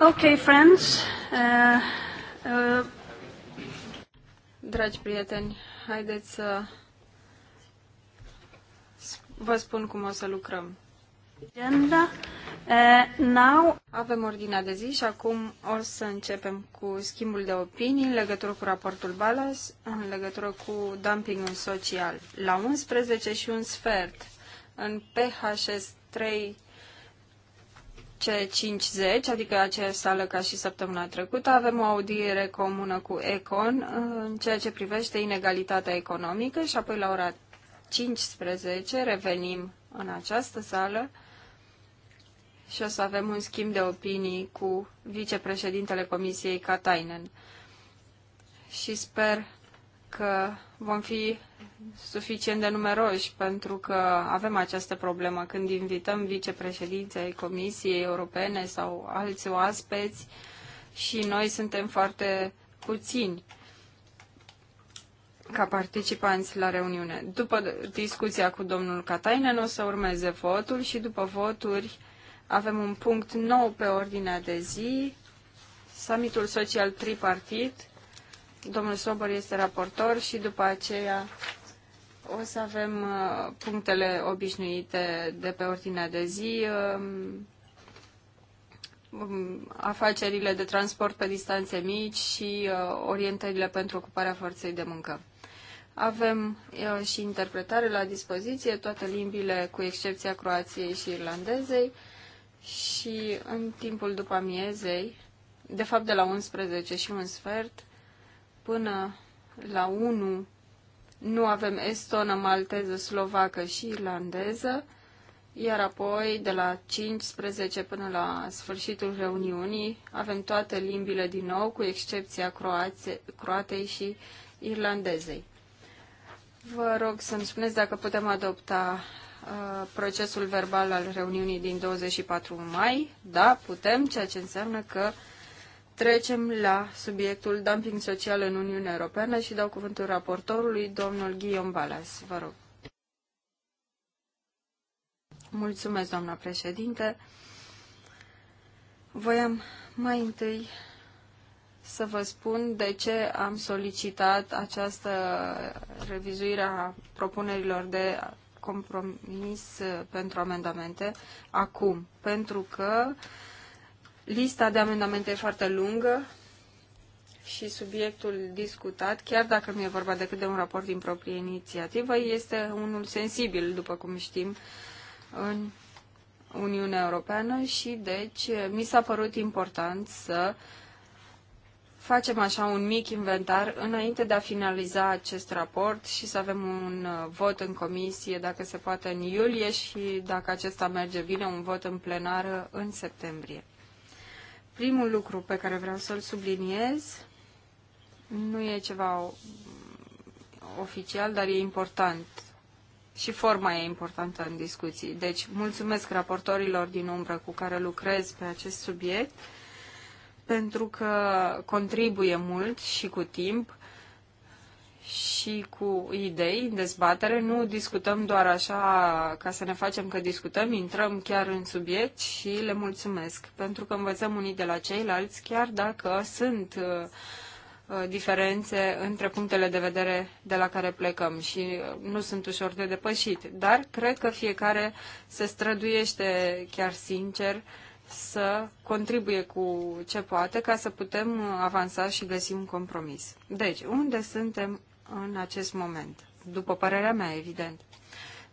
Okay, friends. Uh, uh... Dragi prieteni, haideți să vă spun cum o să lucrăm. Agenda. Uh, now... Avem ordinea de zi și acum o să începem cu schimbul de opinii în legătură cu raportul Balas, în legătură cu dumpingul social. La 11 și un sfert, în PHS 3 C50, adică aceeași sală ca și săptămâna trecută, avem o audiere comună cu Econ uh, în ceea ce privește inegalitatea economică și apoi la ora 15 revenim în această sală și o să avem un schimb de opinii cu vicepreședintele Comisiei Katainen. Și sper că vom fi suficient de numeroși, pentru că avem această problemă când invităm vicepreședinții ai Comisiei Europene sau alți oaspeți și noi suntem foarte puțini ca participanți la reuniune. După discuția cu domnul Katainen o să urmeze votul și după voturi avem un punct nou pe ordinea de zi, summitul social tripartit, Domnul Sobor este raportor și după aceea o să avem uh, punctele obișnuite de pe ordinea de zi, um, um, afacerile de transport pe distanțe mici și uh, orientările pentru ocuparea forței de muncă. Avem uh, și interpretare la dispoziție, toate limbile cu excepția Croației și Irlandezei și în timpul după amiezei, de fapt de la 11 și un sfert, până la 1 nu avem estonă, malteză, slovacă și irlandeză, iar apoi de la 15 până la sfârșitul reuniunii avem toate limbile din nou, cu excepția croate, croatei și irlandezei. Vă rog să-mi spuneți dacă putem adopta uh, procesul verbal al reuniunii din 24 mai. Da, putem, ceea ce înseamnă că uh, Trecem la subiectul dumping social în Uniunea Europeană și dau cuvântul raportorului, domnul Guillaume Balas. Vă rog. Mulțumesc, doamna președinte. Voiam mai întâi să vă spun de ce am solicitat această revizuire a propunerilor de compromis pentru amendamente acum. Pentru că uh, Lista de amendamente e foarte lungă și subiectul discutat, chiar dacă nu e vorba decât de un raport din proprie inițiativă, este unul sensibil, după cum știm, în Uniunea Europeană și deci mi s-a părut important să facem așa un mic inventar înainte de a finaliza acest raport și să avem un uh, vot în comisie, dacă se poate, în iulie și, dacă acesta merge bine, un vot în plenară în septembrie. Primul lucru pe care vreau să-l subliniez nu e ceva oficial, dar e important. Și forma e importantă în discuții. Deci, mulțumesc raportorilor din umbră cu care lucrez pe acest subiect, pentru că contribuie mult și cu timp și cu idei în dezbatere. Nu discutăm doar așa ca să ne facem că discutăm, intrăm chiar în subiect și le mulțumesc, pentru că învățăm unii de la ceilalți, chiar dacă sunt uh, uh, diferențe între punctele de vedere de la care plecăm și uh, nu sunt ușor de depășit, dar cred că fiecare se străduiește chiar sincer să contribuie cu ce poate ca să putem avansa și găsi un compromis. Deci, unde suntem în acest moment. După părerea mea, evident.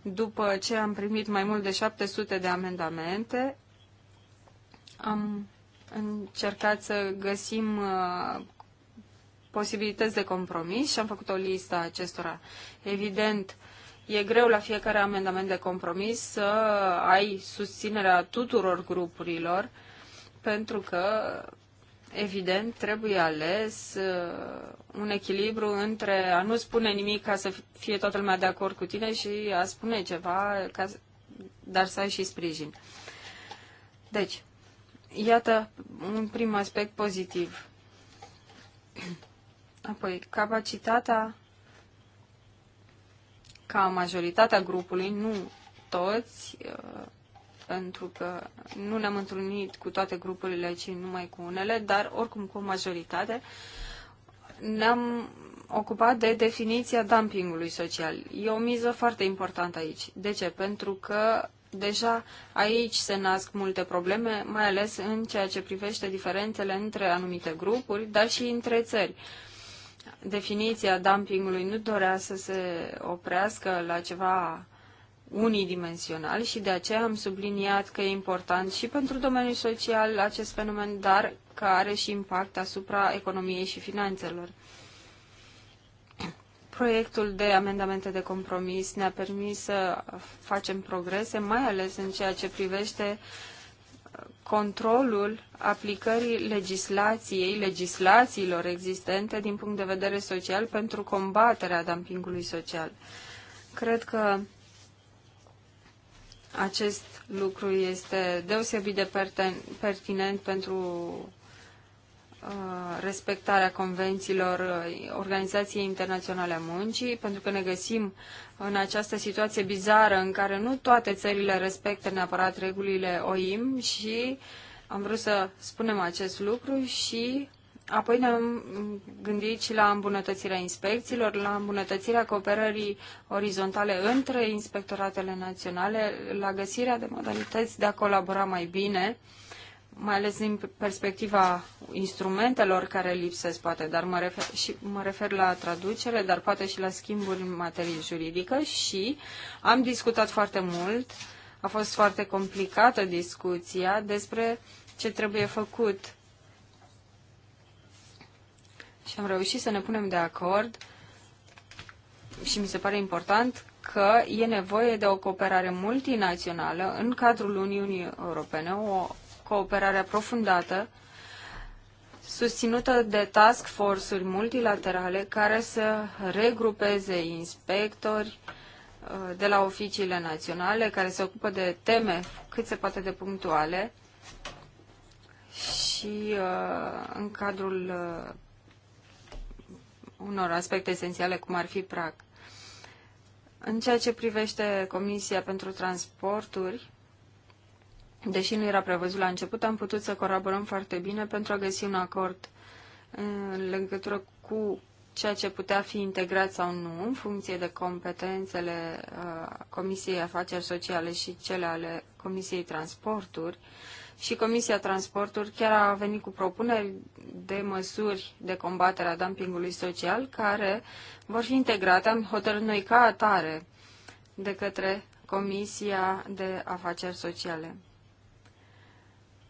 După ce am primit mai mult de 700 de amendamente, am încercat să găsim uh, posibilități de compromis și am făcut o listă a acestora. Evident, e greu la fiecare amendament de compromis să ai susținerea tuturor grupurilor, pentru că evident, trebuie ales uh, un echilibru între a nu spune nimic ca să fie toată lumea de acord cu tine și a spune ceva, ca, dar să ai și sprijin. Deci, iată un prim aspect pozitiv. Apoi, capacitatea ca majoritatea grupului, nu toți, uh, pentru că nu ne-am întâlnit cu toate grupurile, ci numai cu unele, dar oricum cu o majoritate, ne-am ocupat de definiția dumpingului social. E o miză foarte importantă aici. De ce? Pentru că deja aici se nasc multe probleme, mai ales în ceea ce privește diferențele între anumite grupuri, dar și între țări. Definiția dumpingului nu dorea să se oprească la ceva unidimensional și de aceea am subliniat că e important și pentru domeniul social acest fenomen, dar că are și impact asupra economiei și finanțelor. Proiectul de amendamente de compromis ne-a permis să facem progrese, mai ales în ceea ce privește controlul aplicării legislației, legislațiilor existente din punct de vedere social pentru combaterea dumpingului social. Cred că acest lucru este deosebit de pertinent pentru uh, respectarea convențiilor uh, Organizației Internaționale a Muncii, pentru că ne găsim în această situație bizară în care nu toate țările respectă neapărat regulile OIM și am vrut să spunem acest lucru și Apoi ne-am gândit și la îmbunătățirea inspecțiilor, la îmbunătățirea cooperării orizontale între inspectoratele naționale, la găsirea de modalități de a colabora mai bine, mai ales din perspectiva instrumentelor care lipsesc, poate, dar mă refer, și, mă refer la traducere, dar poate și la schimburi în materie juridică și am discutat foarte mult, a fost foarte complicată discuția despre ce trebuie făcut și am reușit să ne punem de acord și mi se pare important că e nevoie de o cooperare multinațională în cadrul Uniunii Europene, o cooperare aprofundată susținută de task force-uri multilaterale care să regrupeze inspectori uh, de la oficiile naționale care se ocupă de teme cât se poate de punctuale și uh, în cadrul uh, unor aspecte esențiale, cum ar fi prag. În ceea ce privește Comisia pentru Transporturi, deși nu era prevăzut la început, am putut să colaborăm foarte bine pentru a găsi un acord în legătură cu ceea ce putea fi integrat sau nu, în funcție de competențele uh, Comisiei Afaceri Sociale și cele ale Comisiei Transporturi și Comisia Transporturi chiar a venit cu propuneri de măsuri de combatere a dumpingului social care vor fi integrate, în hotărâri noi ca atare, de către Comisia de Afaceri Sociale.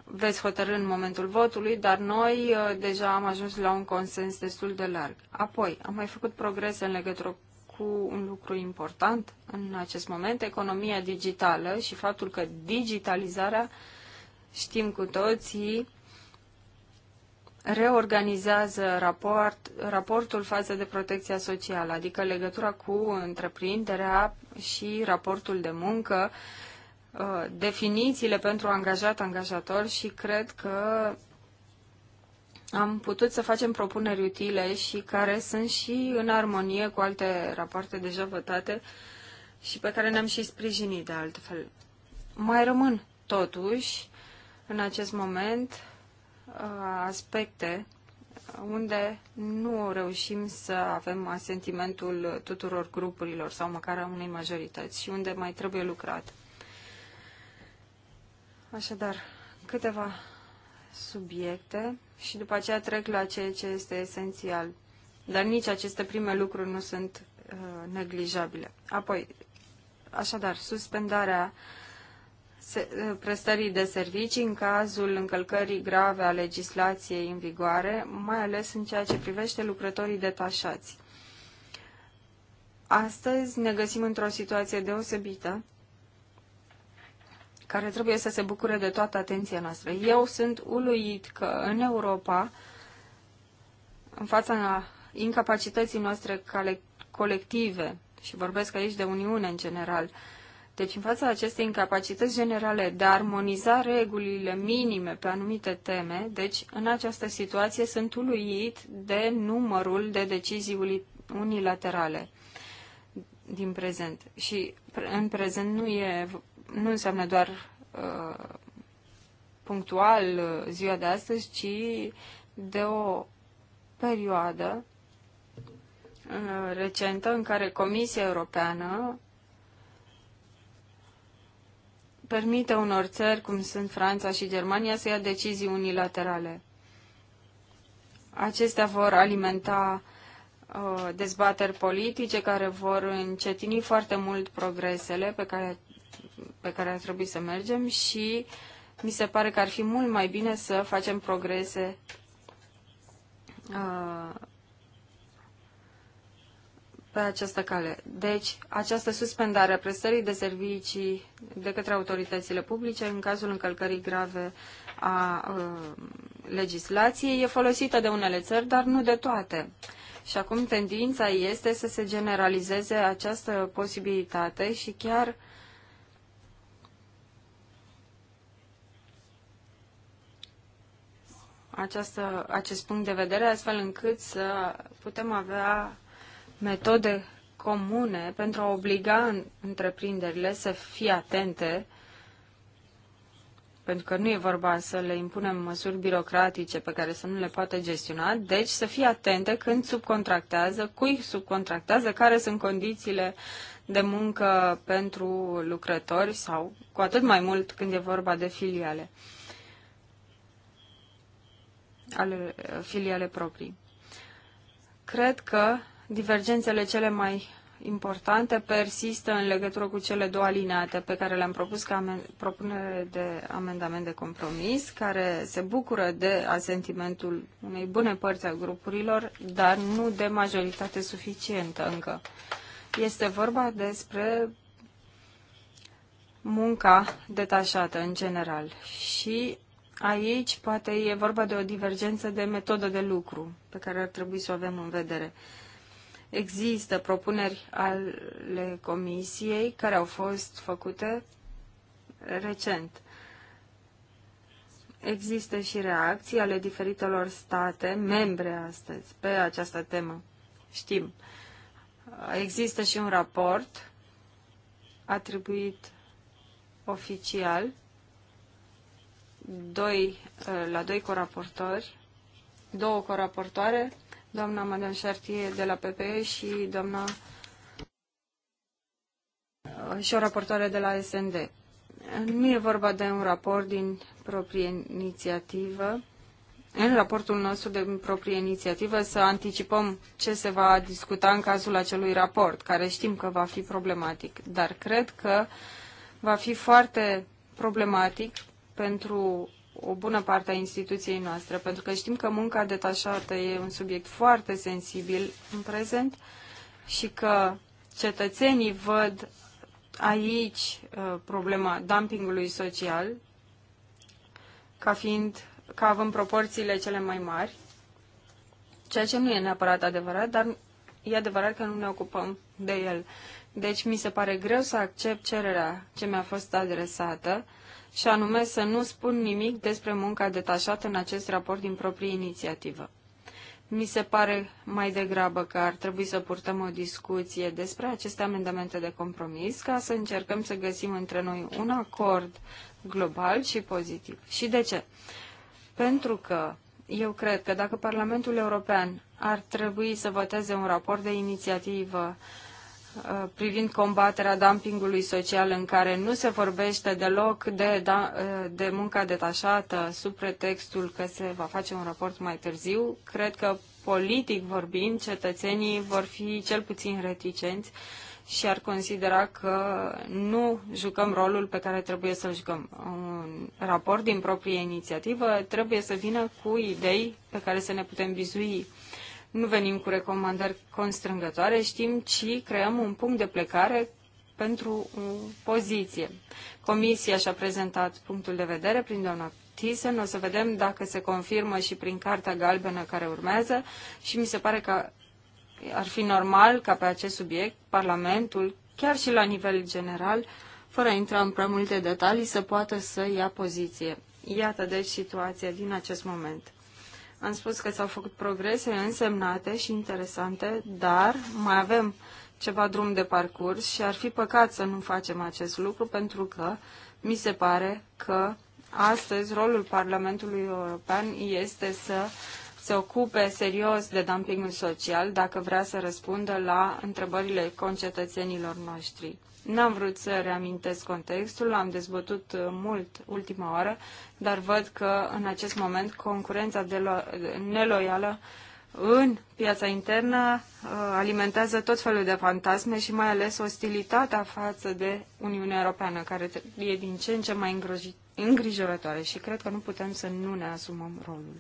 Veți hotărâ în momentul votului, dar noi uh, deja am ajuns la un consens destul de larg. Apoi, am mai făcut progrese în legătură cu un lucru important în acest moment, economia digitală și faptul că digitalizarea știm cu toții, reorganizează raport, raportul față de protecția socială, adică legătura cu întreprinderea și raportul de muncă, uh, definițiile pentru angajat, angajator și cred că am putut să facem propuneri utile și care sunt și în armonie cu alte rapoarte deja votate și pe care ne-am și sprijinit de altfel. Mai rămân totuși în acest moment uh, aspecte unde nu reușim să avem asentimentul tuturor grupurilor sau măcar a unei majorități și unde mai trebuie lucrat. Așadar, câteva subiecte și după aceea trec la ceea ce este esențial. Dar nici aceste prime lucruri nu sunt uh, neglijabile. Apoi, așadar, suspendarea uh, Eh, prestării de servicii în cazul încălcării grave a legislației în vigoare, mai ales în ceea ce privește lucrătorii detașați. Astăzi ne găsim într-o situație deosebită care trebuie să se bucure de toată atenția noastră. Eu sunt uluit că în Europa, în fața incapacității noastre colective, și vorbesc aici de Uniune în general, uh, deci, în fața acestei incapacități generale de a armoniza regulile minime pe anumite teme, deci, în această situație sunt uluit de numărul de decizii unilaterale din prezent. Și în prezent nu, e, nu înseamnă doar uh, punctual uh, ziua de astăzi, ci de o perioadă uh, recentă în care Comisia Europeană permite unor țări, cum sunt Franța și Germania, să ia decizii unilaterale. Acestea vor alimenta uh, dezbateri politice care vor încetini foarte mult progresele pe care, pe care ar trebui să mergem și mi se pare că ar fi mult mai bine să facem progrese uh, pe această cale. Deci, această suspendare a prestării de servicii de către autoritățile publice în cazul încălcării grave a, uh, legislației e folosită de unele țări, dar nu de toate. Și acum tendința este să se generalizeze această posibilitate și chiar această, acest punct de vedere, astfel încât să putem avea metode comune pentru a obliga întreprinderile să fie atente, pentru că nu e vorba să le impunem măsuri birocratice pe care să nu le poată gestiona, deci să fie atente când subcontractează, cui subcontractează, care sunt condițiile de muncă pentru lucrători sau cu atât mai mult când e vorba de filiale ale filiale proprii. Cred că Divergențele cele mai importante persistă în legătură cu cele două alineate pe care le-am propus ca propunere de amendament de compromis, care se bucură de asentimentul unei bune părți a grupurilor, dar nu de majoritate suficientă încă. Este vorba despre munca detașată în general și aici poate e vorba de o divergență de metodă de lucru pe care ar trebui să o avem în vedere. Uh, Există propuneri ale Comisiei care au fost făcute recent. Există și reacții ale diferitelor state membre astăzi pe această temă. Știm. Există și un raport atribuit oficial doi, la doi coraportori, două coraportoare doamna Madame Chartier de la PPE și doamna uh, și o raportoare de la SND. Nu e vorba de un raport din proprie inițiativă. În raportul nostru de proprie inițiativă să anticipăm ce se va discuta în cazul acelui raport, care știm că va fi problematic, dar cred că va fi foarte problematic pentru o bună parte a instituției noastre, pentru că știm că munca detașată e un subiect foarte sensibil în prezent și că cetățenii văd aici uh, problema dumpingului social ca fiind ca având proporțiile cele mai mari, ceea ce nu e neapărat adevărat, dar e adevărat că nu ne ocupăm de el. Deci mi se pare greu să accept cererea ce mi-a fost adresată și anume să nu spun nimic despre munca detașată în acest raport din proprie inițiativă. Mi se pare mai degrabă că ar trebui să purtăm o discuție despre aceste amendamente de compromis ca să încercăm să găsim între noi un acord global și pozitiv. Și de ce? Pentru că eu cred că dacă Parlamentul European ar trebui să voteze un raport de inițiativă uh, Uh, privind combaterea dumpingului social în care nu se vorbește deloc de, da, uh, de munca detașată sub pretextul că se va face un raport mai târziu, cred că politic vorbind cetățenii vor fi cel puțin reticenți și ar considera că nu jucăm rolul pe care trebuie să-l jucăm. Un raport din proprie inițiativă trebuie să vină cu idei pe care să ne putem vizui nu venim cu recomandări constrângătoare, știm, ci creăm un punct de plecare pentru o poziție. Comisia și-a prezentat punctul de vedere prin doamna Thyssen, o să vedem dacă se confirmă și prin Cartea Galbenă care urmează și mi se pare că ar fi normal ca pe acest subiect Parlamentul, chiar și la nivel general, fără a intra în prea multe detalii, să poată să ia poziție. Iată deci situația din acest moment. Am spus că s-au făcut progrese însemnate și interesante, dar mai avem ceva drum de parcurs și ar fi păcat să nu facem acest lucru pentru că mi se pare că astăzi rolul Parlamentului European este să se ocupe serios de dumpingul social dacă vrea să răspundă la întrebările concetățenilor noștri. N-am vrut să reamintesc contextul, am dezbătut uh, mult ultima oară, dar văd că în acest moment concurența neloială în piața internă uh, alimentează tot felul de fantasme și mai ales ostilitatea față de Uniunea Europeană, care e din ce în ce mai îngrijorătoare și cred că nu putem să nu ne asumăm rolul.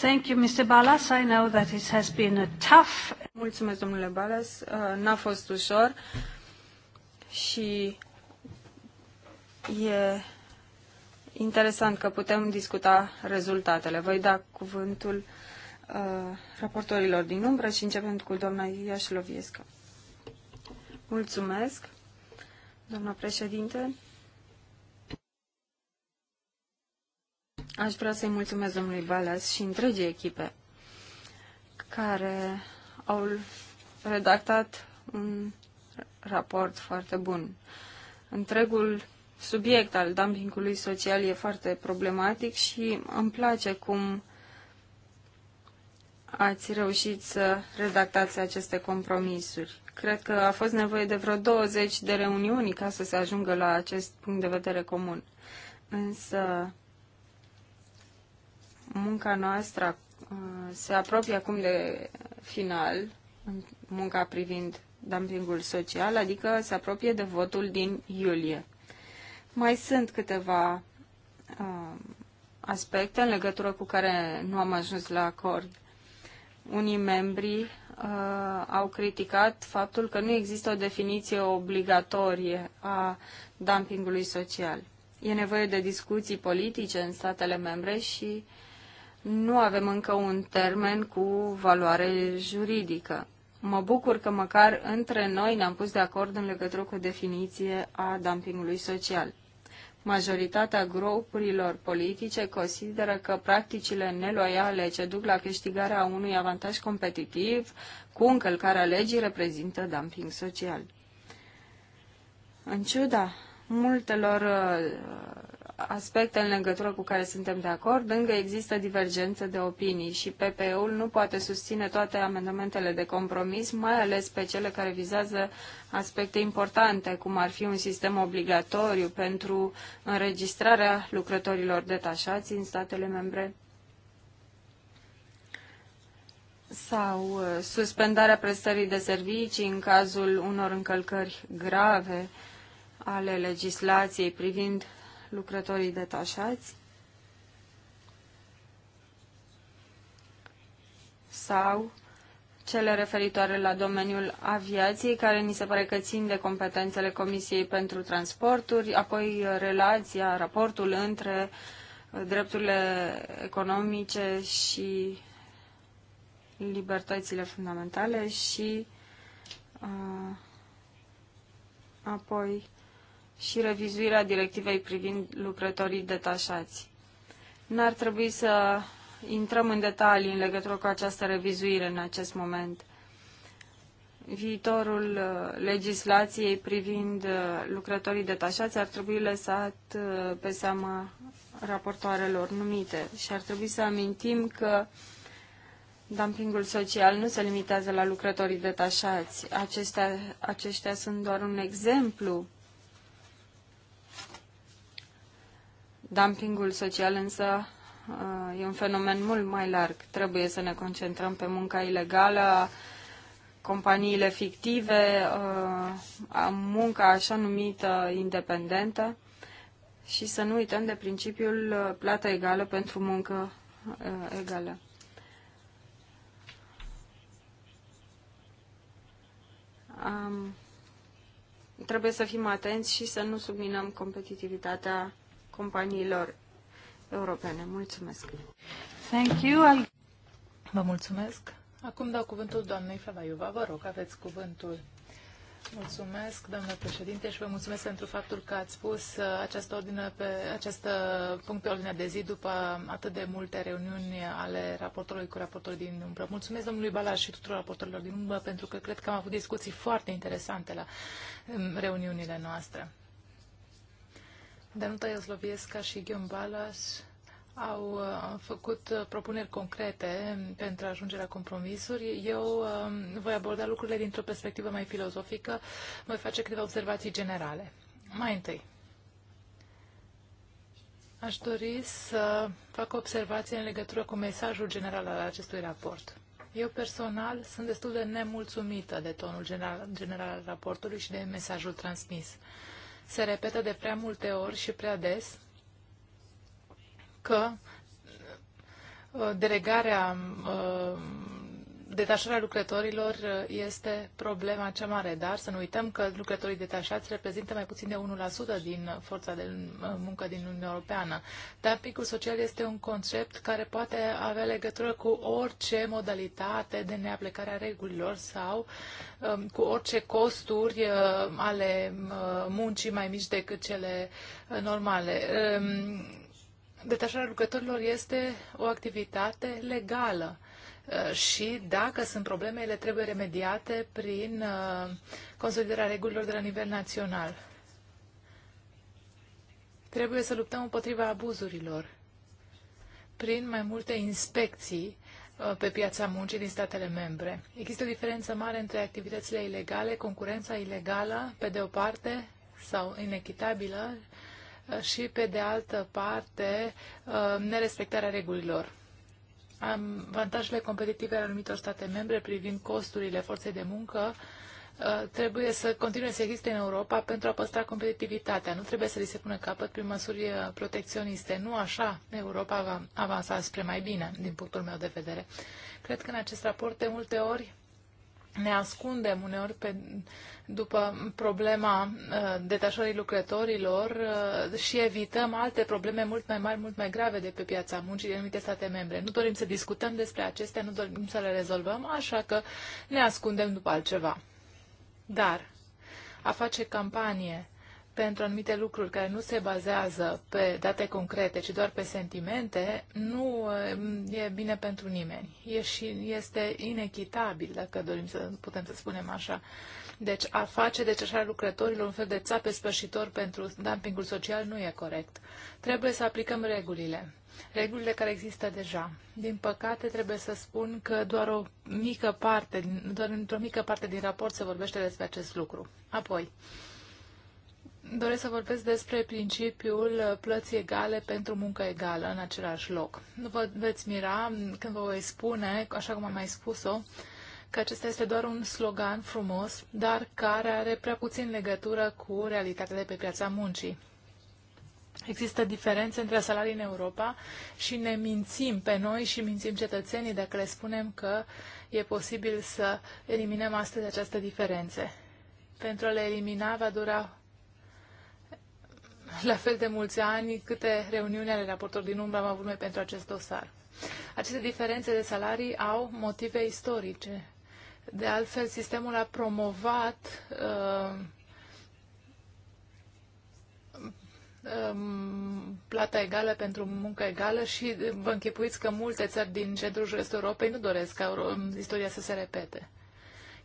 Thank you, Mr. Balas. I know that it has been a tough... Mulțumesc, domnule Balas. Uh, n-a fost ușor și e interesant că putem discuta rezultatele. Voi da cuvântul uh, raportorilor din umbră și începem cu doamna Iașloviescă. Mulțumesc, doamna președinte. Aș vrea să-i mulțumesc domnului Balas și întregii echipe care au redactat un raport foarte bun. Întregul subiect al dumpingului social e foarte problematic și îmi place cum ați reușit să redactați aceste compromisuri. Cred că a fost nevoie de vreo 20 de reuniuni ca să se ajungă la acest punct de vedere comun. Însă Munca noastră uh, se apropie acum de final, munca privind dumpingul social, adică se apropie de votul din iulie. Mai sunt câteva uh, aspecte în legătură cu care nu am ajuns la acord. Unii membri uh, au criticat faptul că nu există o definiție obligatorie a dumpingului social. E nevoie de discuții politice în statele membre și uh, nu avem încă un termen cu valoare juridică. Mă bucur că măcar între noi ne-am pus de acord în legătură cu definiție a dumpingului social. Majoritatea grupurilor politice consideră că practicile neloiale ce duc la câștigarea unui avantaj competitiv cu încălcarea legii reprezintă dumping social. În ciuda multelor uh, aspecte în legătură cu care suntem de acord, încă există divergențe de opinii și PPE-ul nu poate susține toate amendamentele de compromis, mai ales pe cele care vizează aspecte importante, cum ar fi un sistem obligatoriu pentru înregistrarea lucrătorilor detașați în statele membre sau uh, suspendarea prestării de servicii în cazul unor încălcări grave ale legislației privind lucrătorii detașați sau cele referitoare la domeniul aviației, care ni se pare că țin de competențele Comisiei pentru Transporturi, apoi relația, raportul între drepturile economice și libertățile fundamentale și uh, apoi și revizuirea directivei privind lucrătorii detașați. N-ar trebui să intrăm în detalii în legătură cu această revizuire în acest moment. Viitorul uh, legislației privind uh, lucrătorii detașați ar trebui lăsat uh, pe seama raportoarelor numite și ar trebui să amintim că Dumpingul social nu se limitează la lucrătorii detașați. Acestea, aceștia sunt doar un exemplu Dumpingul social însă uh, e un fenomen mult mai larg. Trebuie să ne concentrăm pe munca ilegală, companiile fictive, uh, munca așa numită independentă și să nu uităm de principiul uh, plată egală pentru muncă egală. Um, trebuie să fim atenți și să nu subminăm competitivitatea companiilor europene. Mulțumesc! Thank you. Vă mulțumesc! Acum dau cuvântul doamnei Fevaiuva. Vă rog, aveți cuvântul. Mulțumesc, domnule președinte, și vă mulțumesc pentru faptul că ați pus uh, această, ordine pe, această punct pe ordinea de zi după atât de multe reuniuni ale raportorului cu raportori din umbră. Mulțumesc domnului Balar și tuturor raportorilor din umbră pentru că cred că am avut discuții foarte interesante la reuniunile noastre. Danuta Iazloviesca și Ghion Balas au uh, făcut uh, propuneri concrete um, pentru a ajunge la compromisuri. Eu um, voi aborda lucrurile dintr-o perspectivă mai filozofică, voi face câteva observații generale. Mai întâi, aș dori să fac observații în legătură cu mesajul general al acestui raport. Eu personal sunt destul de nemulțumită de tonul general, general al raportului și de mesajul transmis. Uh, se repetă de prea multe ori și prea des că uh, delegarea uh, detașarea lucrătorilor uh, este problema cea mare, dar să nu uităm că lucrătorii detașați reprezintă mai puțin de 1% din forța de uh, muncă din Uniunea Europeană. picul social este un concept care poate avea legătură cu orice modalitate de neaplecare a regulilor sau um, cu orice costuri uh, ale muncii mai mici decât cele normale. Um, detașarea lucrătorilor este o activitate legală Uh, și dacă sunt probleme, ele trebuie remediate prin uh, consolidarea regulilor de la nivel național. Trebuie să luptăm împotriva abuzurilor prin mai multe inspecții uh, pe piața muncii din statele membre. Există o diferență mare între activitățile ilegale, concurența ilegală, pe de o parte, sau inechitabilă, și pe de altă parte, nerespectarea regulilor avantajele competitive ale anumitor state membre privind costurile forței de muncă uh, trebuie să continue să existe în Europa pentru a păstra competitivitatea. Nu trebuie să li se pună capăt prin măsuri uh, protecționiste. Nu așa Europa va avansa spre mai bine, din punctul meu de vedere. Cred că în acest raport de multe ori ne ascundem uneori pe, după problema uh, detașării lucrătorilor uh, și evităm alte probleme mult mai mari, mult mai grave de pe piața muncii din anumite state membre. Nu dorim să discutăm despre acestea, nu dorim să le rezolvăm, așa că ne ascundem după altceva. Dar a face campanie pentru anumite lucruri care nu se bazează pe date concrete, ci doar pe sentimente, nu e bine pentru nimeni. E și, este inechitabil, dacă dorim să putem să spunem așa. Deci a face de ceșarea lucrătorilor un fel de țape spășitor pentru dumpingul social nu e corect. Trebuie să aplicăm regulile. Regulile care există deja. Din păcate, trebuie să spun că doar o mică parte, doar într-o mică parte din raport se vorbește despre acest lucru. Apoi, Doresc să vorbesc despre principiul plății egale pentru muncă egală în același loc. Nu vă veți mira când vă voi spune, așa cum am mai spus-o, că acesta este doar un slogan frumos, dar care are prea puțin legătură cu realitatea de pe piața muncii. Există diferențe între salarii în Europa și ne mințim pe noi și mințim cetățenii dacă le spunem că e posibil să eliminăm astăzi această diferențe. Pentru a le elimina va dura la fel de mulți ani câte reuniuni ale raportor din umbră am avut noi pentru acest dosar. Aceste diferențe de salarii au motive istorice. De altfel, sistemul a promovat uh, um, plata egală pentru muncă egală și vă închipuiți că multe țări din centrul și restul Europei nu doresc ca istoria să se repete.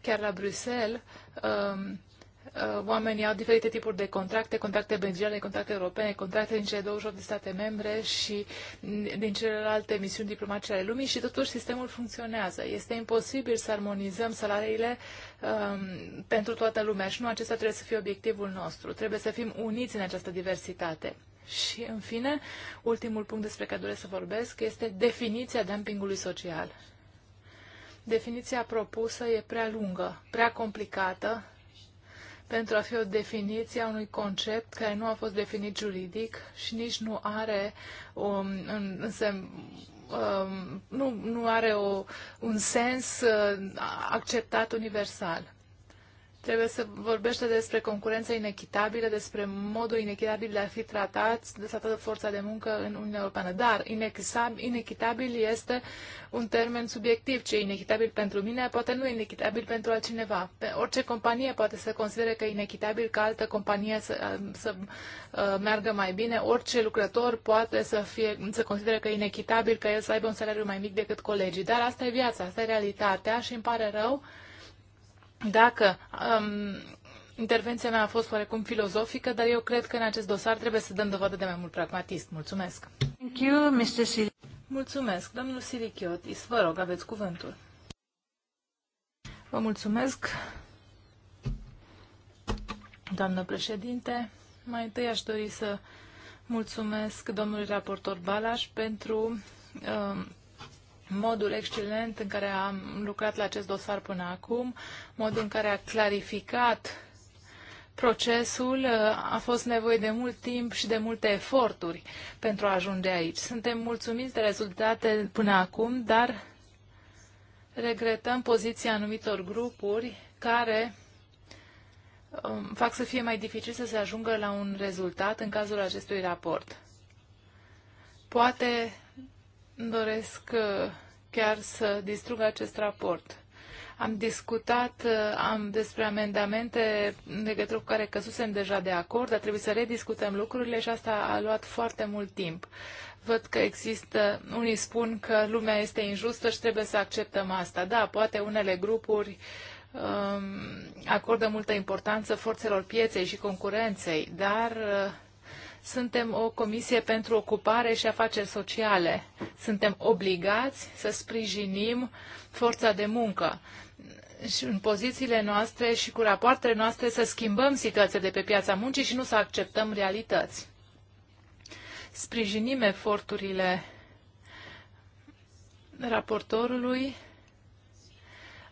Chiar la Bruxelles, um, Uh, oamenii au diferite tipuri de contracte, contracte benzinale, contracte europene, contracte din cele 28 de state membre și din celelalte misiuni diplomatice ale lumii și totuși sistemul funcționează. Este imposibil să armonizăm salariile um, pentru toată lumea și nu acesta trebuie să fie obiectivul nostru. Trebuie să fim uniți în această diversitate. Și, în fine, ultimul punct despre care doresc să vorbesc este definiția dumpingului social. Definiția propusă e prea lungă, prea complicată pentru a fi o definiție a unui concept care nu a fost definit juridic și nici nu are um, în, sem- um, nu, nu are o, un sens uh, acceptat universal. Trebuie să vorbește despre concurența inechitabilă, despre modul inechitabil de a fi tratat, de toată forța de muncă în Uniunea Europeană. Dar inechitabil este un termen subiectiv. Ce e inechitabil pentru mine poate nu e inechitabil pentru altcineva. Orice companie poate să considere că e inechitabil ca altă companie să, uh, să uh, meargă mai bine. Orice lucrător poate să, fie, să considere că e inechitabil ca el să aibă un salariu mai mic decât colegii. Dar asta e viața, asta e realitatea și îmi pare rău dacă um, intervenția mea a fost oarecum filozofică, dar eu cred că în acest dosar trebuie să dăm dovadă de mai mult pragmatism. Mulțumesc! Thank you, Mr. Sil Mulțumesc, domnul Silichiotis. Vă rog, aveți cuvântul. Vă mulțumesc, doamnă președinte. Mai întâi aș dori să mulțumesc domnului raportor Balaș pentru uh, modul excelent în care am lucrat la acest dosar până acum, modul în care a clarificat procesul. Uh, a fost nevoie de mult timp și de multe eforturi pentru a ajunge aici. Suntem mulțumiți de rezultate până acum, dar regretăm poziția anumitor grupuri care um, fac să fie mai dificil să se ajungă la un rezultat în cazul acestui raport. Poate doresc uh, chiar să distrug acest raport. Am discutat uh, am, despre amendamente în legătură cu care căsusem deja de acord, dar trebuie să rediscutăm lucrurile și asta a luat foarte mult timp. Văd că există, unii spun că lumea este injustă și trebuie să acceptăm asta. Da, poate unele grupuri um, acordă multă importanță forțelor pieței și concurenței, dar uh, suntem o comisie pentru ocupare și afaceri sociale. Suntem obligați să sprijinim forța de muncă și în pozițiile noastre și cu rapoartele noastre să schimbăm situația de pe piața muncii și nu să acceptăm realități. Sprijinim eforturile raportorului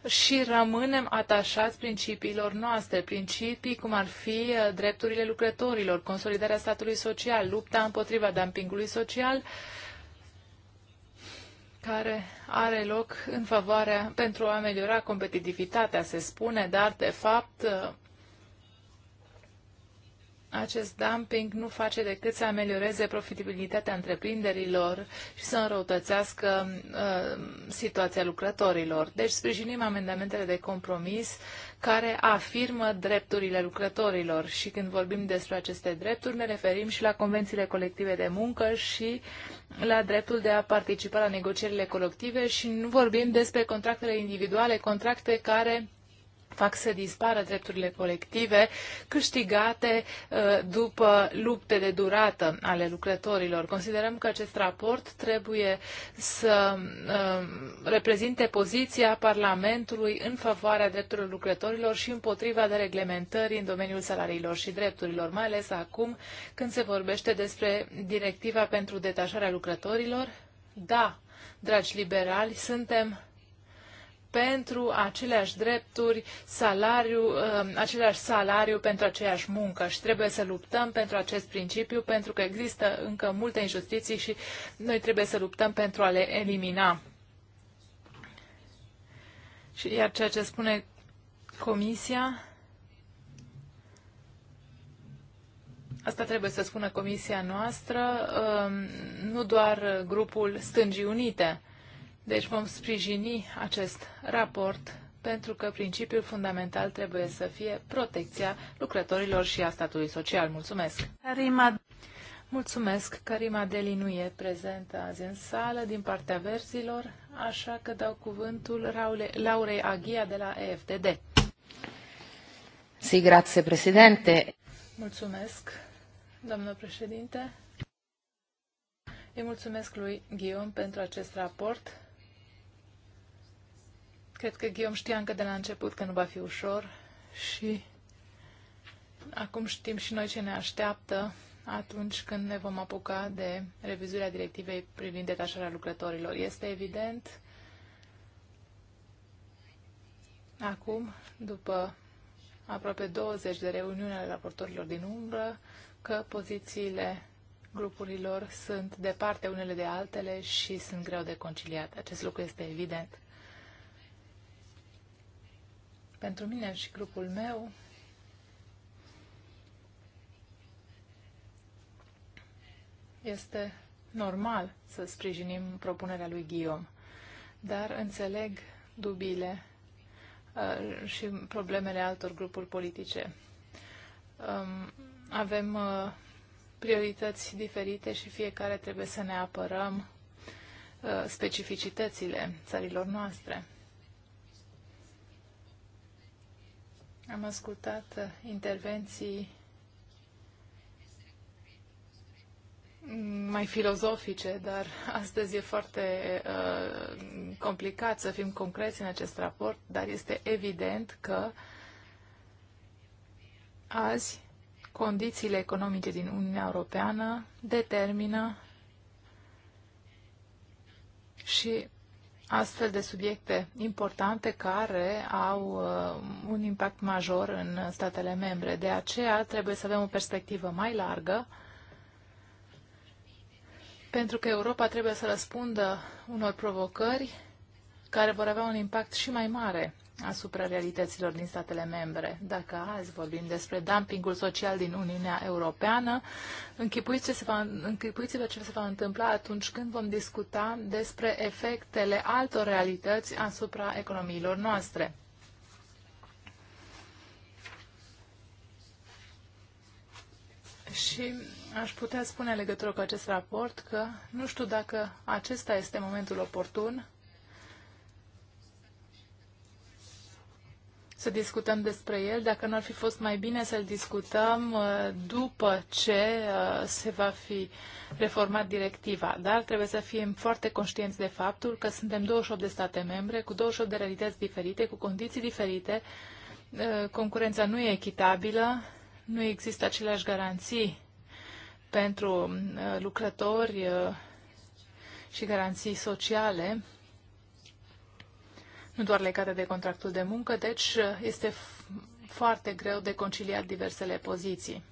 și rămânem atașați principiilor noastre, principii cum ar fi uh, drepturile lucrătorilor, consolidarea statului social, lupta împotriva dumpingului social, care are loc în favoarea pentru a ameliora competitivitatea, se spune, dar de fapt uh, acest dumping nu face decât să amelioreze profitabilitatea întreprinderilor și să înrăutățească uh, situația lucrătorilor. Deci sprijinim amendamentele de compromis care afirmă drepturile lucrătorilor și când vorbim despre aceste drepturi ne referim și la convențiile colective de muncă și la dreptul de a participa la negocierile colective și nu vorbim despre contractele individuale, contracte care fac să dispară drepturile colective câștigate uh, după lupte de durată ale lucrătorilor. Considerăm că acest raport trebuie să uh, reprezinte poziția Parlamentului în favoarea drepturilor lucrătorilor și împotriva de reglementări în domeniul salariilor și drepturilor, mai ales acum când se vorbește despre directiva pentru detașarea lucrătorilor. Da, dragi liberali, suntem pentru aceleași drepturi, salariu, um, același salariu pentru aceeași muncă și trebuie să luptăm pentru acest principiu pentru că există încă multe injustiții și noi trebuie să luptăm pentru a le elimina. Și iar ceea ce spune Comisia, asta trebuie să spună Comisia noastră, um, nu doar grupul Stângii Unite, deci vom sprijini acest raport pentru că principiul fundamental trebuie să fie protecția lucrătorilor și a statului social. Mulțumesc! Karima. Mulțumesc! Karima Deli nu e prezentă azi în sală din partea verzilor, așa că dau cuvântul Raule, Laurei Aghia de la EFDD. Si, grazie, președinte! Mulțumesc, doamnă președinte! Îi mulțumesc lui Ghion pentru acest raport Cred că Ghiom știa încă de la început că nu va fi ușor și acum știm și noi ce ne așteaptă atunci când ne vom apuca de revizuirea directivei privind detașarea lucrătorilor. Este evident acum, după aproape 20 de reuniuni ale raportorilor din umbră, că pozițiile grupurilor sunt departe unele de altele și sunt greu de conciliat. Acest lucru este evident pentru mine și grupul meu este normal să sprijinim propunerea lui Ghiom, dar înțeleg dubiile uh, și problemele altor grupuri politice. Um, avem uh, priorități diferite și fiecare trebuie să ne apărăm uh, specificitățile țărilor noastre. Am ascultat uh, intervenții mm, mai filozofice, dar astăzi e foarte uh, complicat să fim concreți în acest raport, dar este evident că azi condițiile economice din Uniunea Europeană determină și astfel de subiecte importante care au uh, un impact major în statele membre. De aceea trebuie să avem o perspectivă mai largă, pentru că Europa trebuie să răspundă unor provocări care vor avea un impact și mai mare asupra realităților din statele membre. Dacă azi vorbim despre dumpingul social din Uniunea Europeană, închipuiți-vă ce, se va, ce se va întâmpla atunci când vom discuta despre efectele altor realități asupra economiilor noastre. Și aș putea spune legătură cu acest raport că nu știu dacă acesta este momentul oportun să discutăm despre el, dacă n-ar fi fost mai bine să-l discutăm uh, după ce uh, se va fi reformat directiva. Dar trebuie să fim foarte conștienți de faptul că suntem 28 de state membre, cu 28 de realități diferite, cu condiții diferite, uh, concurența nu e echitabilă, nu există aceleași garanții pentru lucrători și garanții sociale nu doar legate de contractul de muncă, deci este foarte greu de conciliat diversele poziții.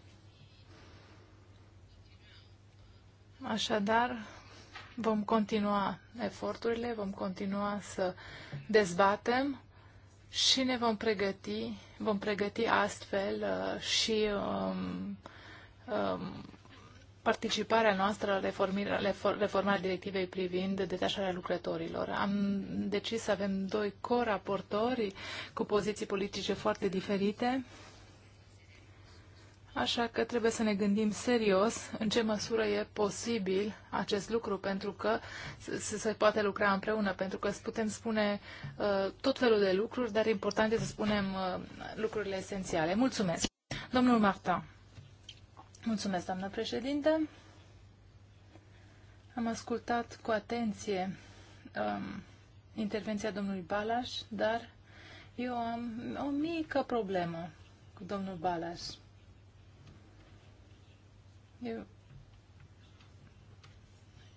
Așadar, vom continua eforturile, vom continua să dezbatem și ne vom pregăti, vom pregăti astfel uh, și um, um, participarea noastră la reformarea, reformarea directivei privind detașarea lucrătorilor. Am decis să avem doi co-raportori cu poziții politice foarte diferite, așa că trebuie să ne gândim serios în ce măsură e posibil acest lucru, pentru că se, se poate lucra împreună, pentru că putem spune uh, tot felul de lucruri, dar important este să spunem uh, lucrurile esențiale. Mulțumesc! Domnul Martin. Mulțumesc, doamnă președinte. Am ascultat cu atenție um, intervenția domnului Balas, dar eu am o mică problemă cu domnul Balas. Eu...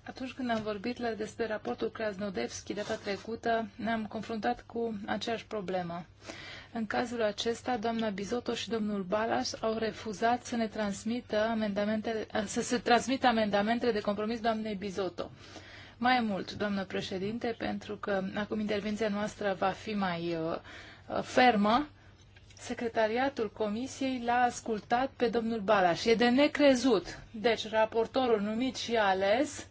Atunci când am vorbit la despre raportul Krasnodevski data trecută, ne-am confruntat cu aceeași problemă. În cazul acesta, doamna Bizoto și domnul Balas au refuzat să ne transmită amendamentele, să se transmită amendamentele de compromis doamnei Bizoto. Mai mult, doamnă președinte, pentru că acum intervenția noastră va fi mai uh, uh fermă, secretariatul comisiei l-a ascultat pe domnul Balas. E de necrezut. Deci, raportorul numit și ales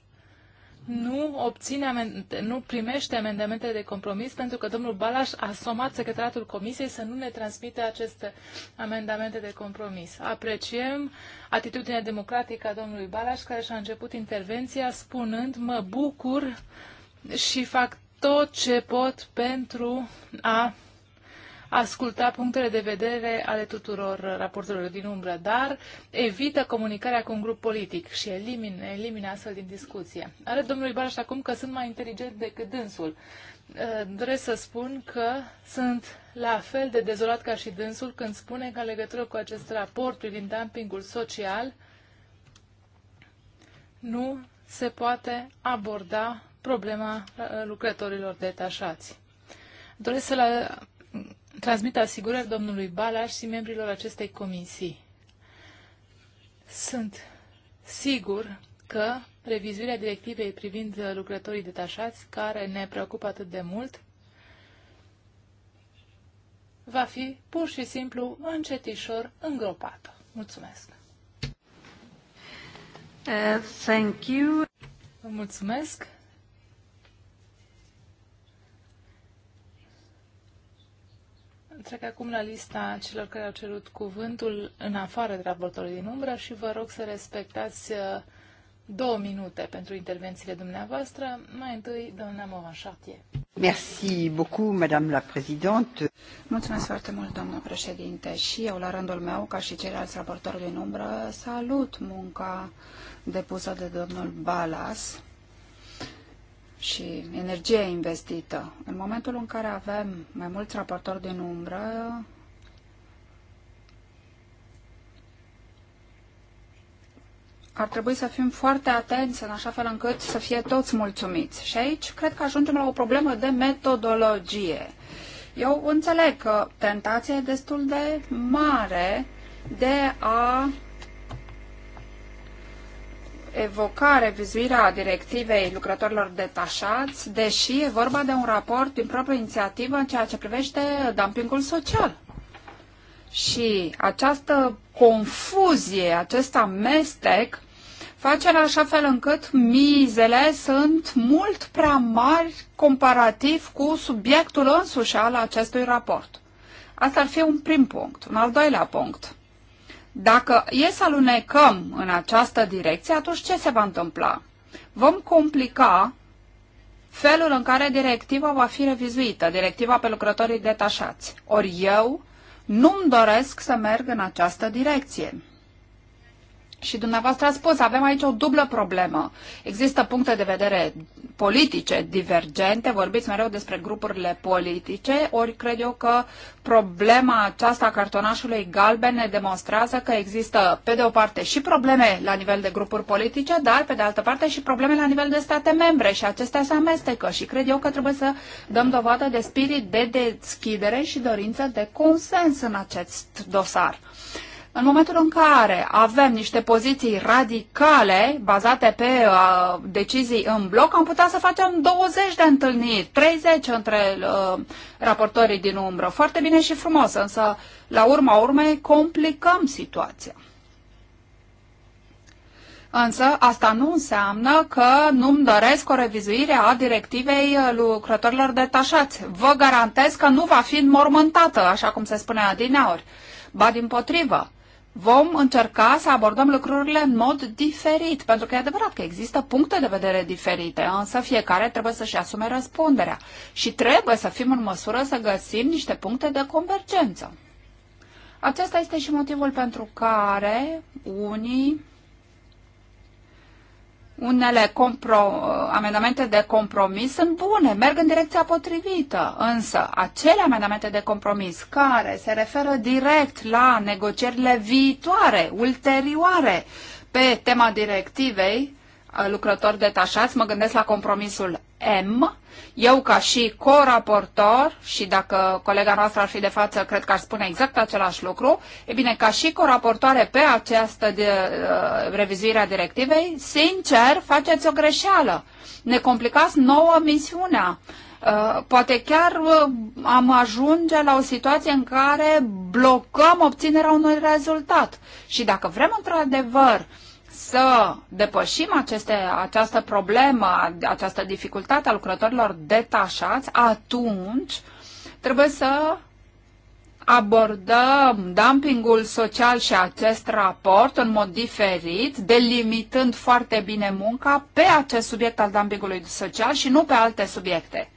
nu, obține nu primește amendamente de compromis pentru că domnul Balaș a somat secretariatul comisiei să nu ne transmite aceste amendamente de compromis. Apreciem atitudinea democratică a domnului Balaș care și-a început intervenția spunând mă bucur și fac tot ce pot pentru a asculta punctele de vedere ale tuturor raportorilor din umbră, dar evită comunicarea cu un grup politic și elimine, elimine astfel din discuție. Are domnului Baraș acum că sunt mai inteligent decât dânsul. Uh, doresc să spun că sunt la fel de dezolat ca și dânsul când spune că în legătură cu acest raport privind dumpingul social nu se poate aborda problema uh, lucrătorilor detașați. Doresc să-l transmit asigurări domnului Balas și membrilor acestei comisii. Sunt sigur că revizuirea directivei privind lucrătorii detașați, care ne preocupă atât de mult, va fi pur și simplu încetișor îngropată. Mulțumesc! Uh, thank you. mulțumesc! Trec acum la lista celor care au cerut cuvântul în afară de raportorul din umbră și vă rog să respectați uh, două minute pentru intervențiile dumneavoastră. Mai întâi, doamna Movașatie. Chartier. Merci beaucoup, Madame la Présidente. Mulțumesc foarte mult, doamnă președinte. Și eu, la rândul meu, ca și ceilalți raportori din umbră, salut munca depusă de domnul Balas și energie investită. În momentul în care avem mai mulți raportori din umbră, ar trebui să fim foarte atenți în așa fel încât să fie toți mulțumiți. Și aici cred că ajungem la o problemă de metodologie. Eu înțeleg că tentația e destul de mare de a evoca revizuirea directivei lucrătorilor detașați, deși e vorba de un raport din proprie inițiativă în ceea ce privește dumpingul social. Și această confuzie, acest amestec, face în așa fel încât mizele sunt mult prea mari comparativ cu subiectul însuși al acestui raport. Asta ar fi un prim punct. Un al doilea punct dacă e să alunecăm în această direcție, atunci ce se va întâmpla? Vom complica felul în care directiva va fi revizuită, directiva pe lucrătorii detașați. Ori eu nu-mi doresc să merg în această direcție. Și dumneavoastră ați spus, avem aici o dublă problemă. Există puncte de vedere politice divergente, vorbiți mereu despre grupurile politice, ori cred eu că problema aceasta a cartonașului galben ne demonstrează că există, pe de o parte, și probleme la nivel de grupuri politice, dar, pe de altă parte, și probleme la nivel de state membre și acestea se amestecă și cred eu că trebuie să dăm dovadă de spirit de deschidere și dorință de consens în acest dosar. În momentul în care avem niște poziții radicale bazate pe uh, decizii în bloc, am putea să facem 20 de întâlniri, 30 între uh, raportorii din umbră. Foarte bine și frumos, însă la urma urmei complicăm situația. Însă asta nu înseamnă că nu-mi doresc o revizuire a directivei uh, lucrătorilor detașați. Vă garantez că nu va fi înmormântată, așa cum se spune adineori. Ba din potrivă, vom încerca să abordăm lucrurile în mod diferit, pentru că e adevărat că există puncte de vedere diferite, însă fiecare trebuie să-și asume răspunderea și trebuie să fim în măsură să găsim niște puncte de convergență. Acesta este și motivul pentru care unii unele compro, amendamente de compromis sunt bune, merg în direcția potrivită, însă acele amendamente de compromis care se referă direct la negocierile viitoare, ulterioare, pe tema directivei lucrători detașați, mă gândesc la compromisul M, eu, ca și coraportor, și dacă colega noastră ar fi de față, cred că ar spune exact același lucru, e bine, ca și coraportoare pe această de, uh, revizuire a directivei, sincer, faceți o greșeală. Ne complicați nouă misiunea. Uh, poate chiar uh, am ajunge la o situație în care blocăm obținerea unui rezultat. Și dacă vrem într-adevăr uh, să depășim aceste, această problemă, această dificultate a lucrătorilor detașați, atunci trebuie să abordăm dumpingul social și acest raport în mod diferit, delimitând foarte bine munca pe acest subiect al dumpingului social și nu pe alte subiecte.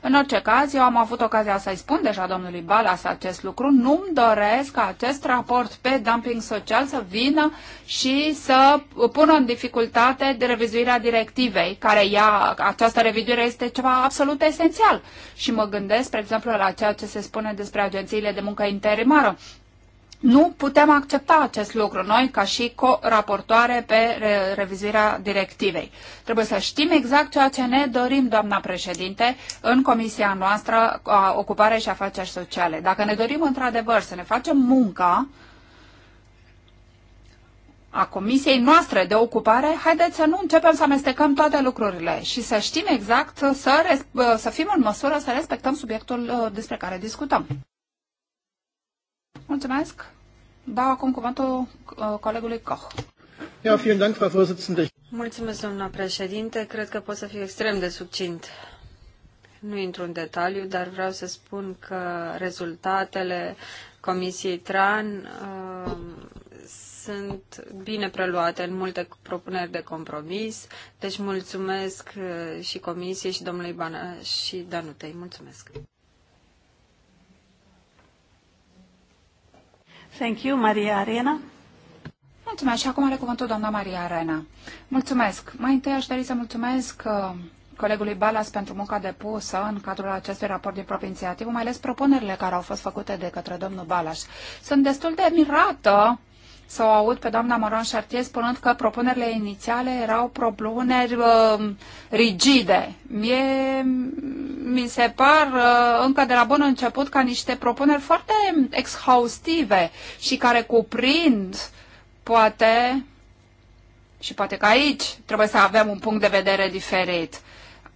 În orice caz, eu am avut ocazia să-i spun deja domnului Balas acest lucru. Nu-mi doresc ca acest raport pe dumping social să vină și să pună în dificultate de revizuirea directivei, care ia această revizuire este ceva absolut esențial. Și mă gândesc, spre exemplu, la ceea ce se spune despre agențiile de muncă interimară. Nu putem accepta acest lucru noi ca și co-raportoare pe re- revizuirea directivei. Trebuie să știm exact ceea ce ne dorim, doamna președinte, în comisia noastră a ocupare și afaceri sociale. Dacă ne dorim într-adevăr să ne facem munca a comisiei noastre de ocupare, haideți să nu începem să amestecăm toate lucrurile și să știm exact, să, să fim în măsură să respectăm subiectul uh, despre care discutăm. Mulțumesc. Dau acum cuvântul uh, colegului Koch. Ja, vielen Dank, Frau Vorsitzende. Mulțumesc, doamna președinte. Cred că pot să fiu extrem de subțint. Nu intru în detaliu, dar vreau să spun că rezultatele Comisiei TRAN uh, sunt bine preluate în multe propuneri de compromis, deci mulțumesc uh, și Comisiei și domnului Bana și Danutei. Mulțumesc! Thank you, Maria Arena. Mulțumesc. Și acum are cuvântul doamna Maria Arena. Mulțumesc. Mai întâi aș dori să mulțumesc uh, colegului Balas pentru munca depusă în cadrul acestui raport din proprie mai ales propunerile care au fost făcute de către domnul Balas. Sunt destul de mirată să o aud pe doamna Maron Chartier spunând că propunerile inițiale erau propuneri uh, rigide. Mie mi se par uh, încă de la bun început ca niște propuneri foarte exhaustive și care cuprind poate și poate că aici trebuie să avem un punct de vedere diferit.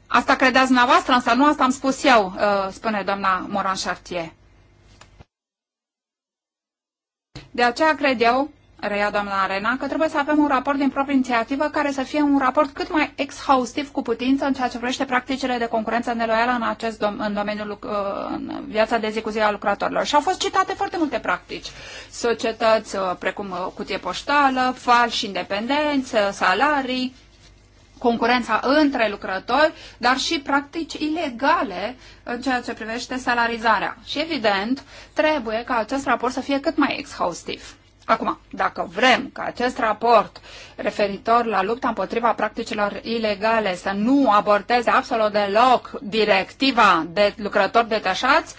Asta credeți dumneavoastră, însă nu asta am spus eu, uh, spune doamna Moran Chartier. De aceea cred eu reia doamna Arena, că trebuie să avem un raport din proprie inițiativă care să fie un raport cât mai exhaustiv cu putință în ceea ce privește practicile de concurență neloială în acest dom- în domeniul uh, în viața de zi cu zi a lucrătorilor. Și au fost citate foarte multe practici. Societăți uh, precum uh, cutie poștală, falși independenți, salarii, concurența între lucrători, dar și practici ilegale în ceea ce privește salarizarea. Și evident, trebuie ca acest raport să fie cât mai exhaustiv. Acum, dacă vrem ca acest raport referitor la lupta împotriva practicilor ilegale să nu aborteze absolut deloc directiva de lucrători detașați,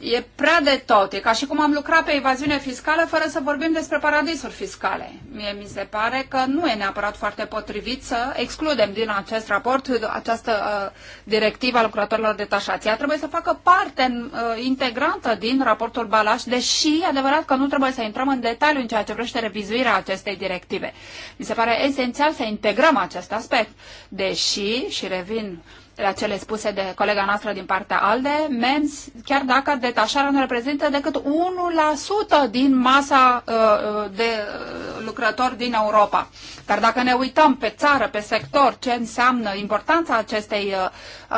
E prea de tot. E ca și cum am lucrat pe evaziune fiscală fără să vorbim despre paradisuri fiscale. Mie mi se pare că nu e neapărat foarte potrivit să excludem din acest raport această uh, directivă a lucrătorilor detașați. Ea trebuie să facă parte uh, integrantă din raportul Balaș, deși e adevărat că nu trebuie să intrăm în detaliu în ceea ce privește revizuirea acestei directive. Mi se pare esențial să integrăm acest aspect, deși, și revin la cele spuse de colega noastră din partea ALDE, MENS, chiar dacă detașarea nu reprezintă decât 1% din masa uh, uh de uh, lucrători din Europa. Dar dacă ne uităm pe țară, pe sector, ce înseamnă importanța acestei, uh, uh,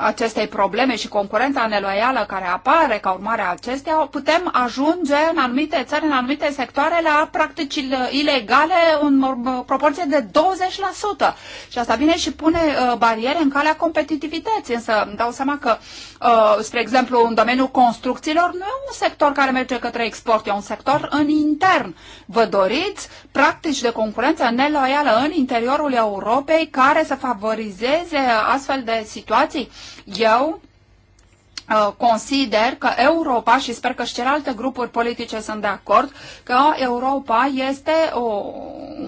acestei probleme și concurența neloială care apare ca urmare a acestea, putem ajunge în anumite țări, în anumite sectoare, la practici ilegale în proporție de 20%. Și asta vine și pune bariere în care la competitivității, însă îmi dau seama că, uh, spre exemplu, în domeniul construcțiilor nu e un sector care merge către export, e un sector în intern. Vă doriți practici de concurență neloială în interiorul Europei care să favorizeze astfel de situații? Eu Uh, consider că Europa, și sper că și celelalte grupuri politice sunt de acord, că Europa este o,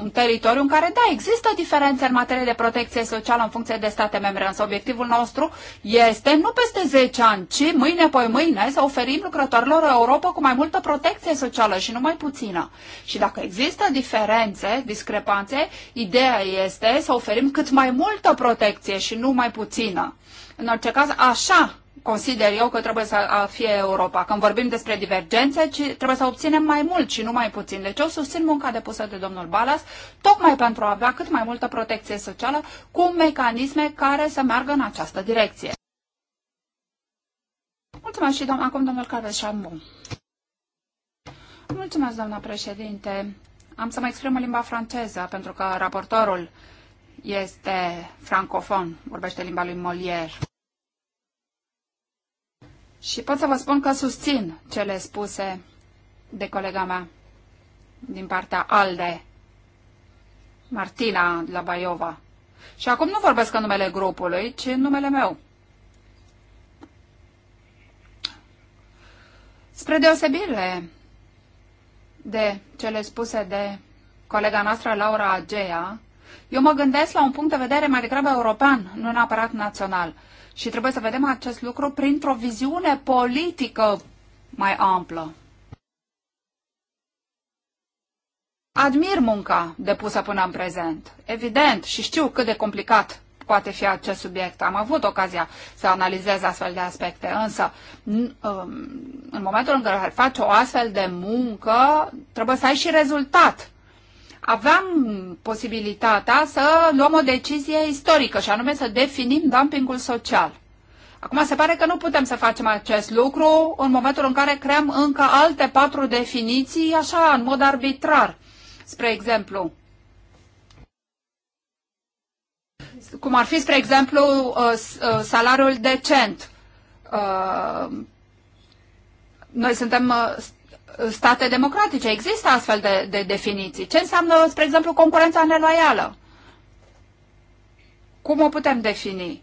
un teritoriu în care, da, există diferențe în materie de protecție socială în funcție de state membre, însă obiectivul nostru este nu peste 10 ani, ci mâine poi mâine să oferim lucrătorilor o Europa cu mai multă protecție socială și nu mai puțină. Și dacă există diferențe, discrepanțe, ideea este să oferim cât mai multă protecție și nu mai puțină. În orice caz, așa consider eu că trebuie să fie Europa. Când vorbim despre divergențe, ci trebuie să obținem mai mult și nu mai puțin. Deci eu susțin munca depusă de domnul Balas, tocmai pentru a avea cât mai multă protecție socială cu mecanisme care să meargă în această direcție. Mulțumesc și dom acum domnul Carles Șambu. Mulțumesc, doamna președinte. Am să mă exprim în limba franceză, pentru că raportorul este francofon, vorbește limba lui Molière. Și pot să vă spun că susțin cele spuse de colega mea din partea ALDE, Martina la Baiova. Și acum nu vorbesc în numele grupului, ci în numele meu. Spre deosebire de cele spuse de colega noastră Laura Agea, eu mă gândesc la un punct de vedere mai degrabă european, nu neapărat național. Și trebuie să vedem acest lucru printr-o viziune politică mai amplă. Admir munca depusă până în prezent. Evident, și știu cât de complicat poate fi acest subiect. Am avut ocazia să analizez astfel de aspecte, însă um, în momentul în care faci o astfel de muncă, trebuie să ai și rezultat aveam posibilitatea să luăm o decizie istorică și anume să definim dumpingul social. Acum se pare că nu putem să facem acest lucru în momentul în care creăm încă alte patru definiții, așa, în mod arbitrar. Spre exemplu, cum ar fi, spre exemplu, uh, uh, salariul decent. Uh, noi suntem state democratice. Există astfel de, de definiții. Ce înseamnă, spre exemplu, concurența neloială? Cum o putem defini?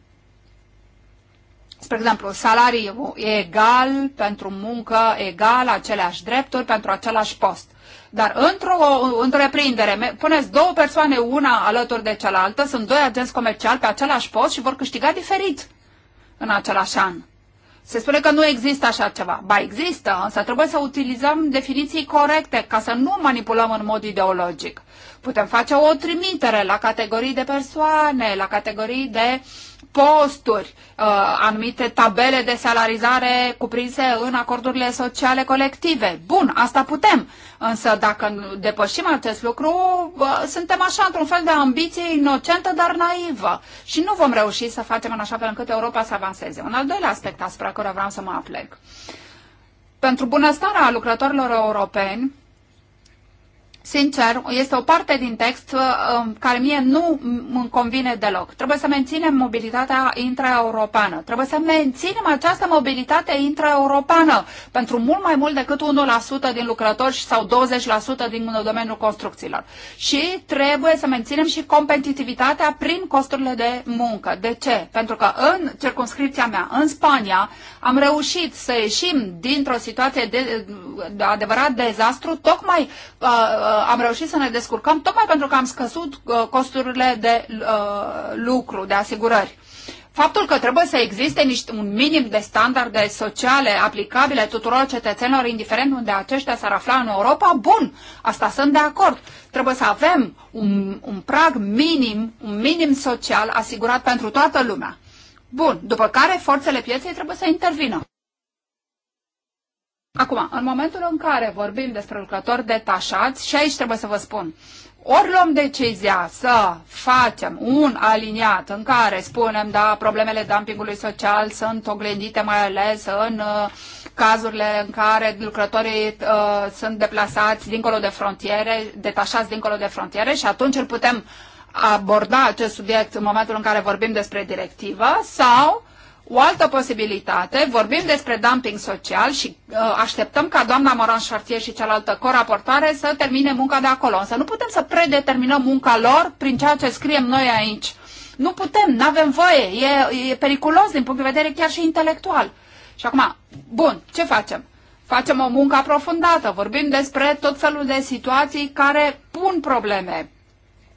Spre exemplu, salariul egal pentru muncă egal, aceleași drepturi pentru același post. Dar într-o întreprindere, puneți două persoane una alături de cealaltă, sunt doi agenți comerciali pe același post și vor câștiga diferit în același an. Se spune că nu există așa ceva. Ba există, însă trebuie să utilizăm definiții corecte ca să nu manipulăm în mod ideologic. Putem face o trimitere la categorii de persoane, la categorii de uh, posturi, uh, anumite tabele de salarizare cuprinse în acordurile sociale colective. Bun, asta putem, însă dacă depășim acest lucru, uh, suntem așa într-un fel de ambiție inocentă, dar naivă și nu vom reuși să facem în așa fel încât Europa să avanseze. Un al doilea aspect asupra care vreau să mă aplec. Pentru bunăstarea lucrătorilor europeni, sincer, este o parte din text uh, um, care mie nu îmi convine deloc. Trebuie să menținem mobilitatea intraeuropeană. Trebuie să menținem această mobilitate intraeuropeană pentru mult mai mult decât 1% din lucrători sau 20% din domeniul construcțiilor. Și trebuie să menținem și competitivitatea prin costurile de muncă. De ce? Pentru că în circunscripția mea, în Spania, am reușit să ieșim dintr-o situație de, de adevărat dezastru, tocmai uh, Uh, am reușit să ne descurcăm tocmai pentru că am scăsut uh, costurile de uh, lucru, de asigurări. Faptul că trebuie să existe niște, un minim de standarde sociale aplicabile tuturor cetățenilor, indiferent unde aceștia s-ar afla în Europa, bun, asta sunt de acord. Trebuie să avem un, un prag minim, un minim social asigurat pentru toată lumea. Bun, după care forțele pieței trebuie să intervină. Acum, în momentul în care vorbim despre lucrători detașați, și aici trebuie să vă spun, ori luăm decizia să facem un aliniat în care spunem, da, problemele dumpingului social sunt oglindite mai ales în uh, cazurile în care lucrătorii uh, sunt deplasați dincolo de frontiere, detașați dincolo de frontiere și atunci îl putem aborda acest subiect în momentul în care vorbim despre directivă sau o altă posibilitate, vorbim despre dumping social și uh, așteptăm ca doamna Moran Chartier și cealaltă coraportare să termine munca de acolo. Însă nu putem să predeterminăm munca lor prin ceea ce scriem noi aici. Nu putem, nu avem voie, e, e periculos din punct de vedere chiar și intelectual. Și acum, bun, ce facem? Facem o muncă aprofundată, vorbim despre tot felul de situații care pun probleme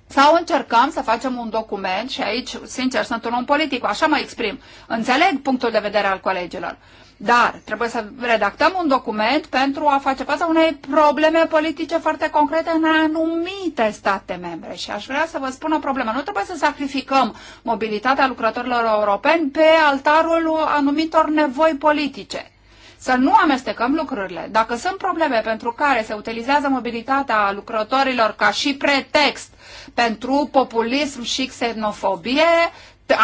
sau încercăm să facem un document și aici, sincer, sunt un om politic, așa mă exprim. Înțeleg punctul de vedere al colegilor. Dar trebuie să redactăm un document pentru a face față unei probleme politice foarte concrete în anumite state membre. Și aș vrea să vă spun o problemă. Nu trebuie să sacrificăm mobilitatea lucrătorilor europeni pe altarul anumitor nevoi politice. Să nu amestecăm lucrurile. Dacă sunt probleme pentru care se utilizează mobilitatea lucrătorilor ca și pretext pentru populism și xenofobie,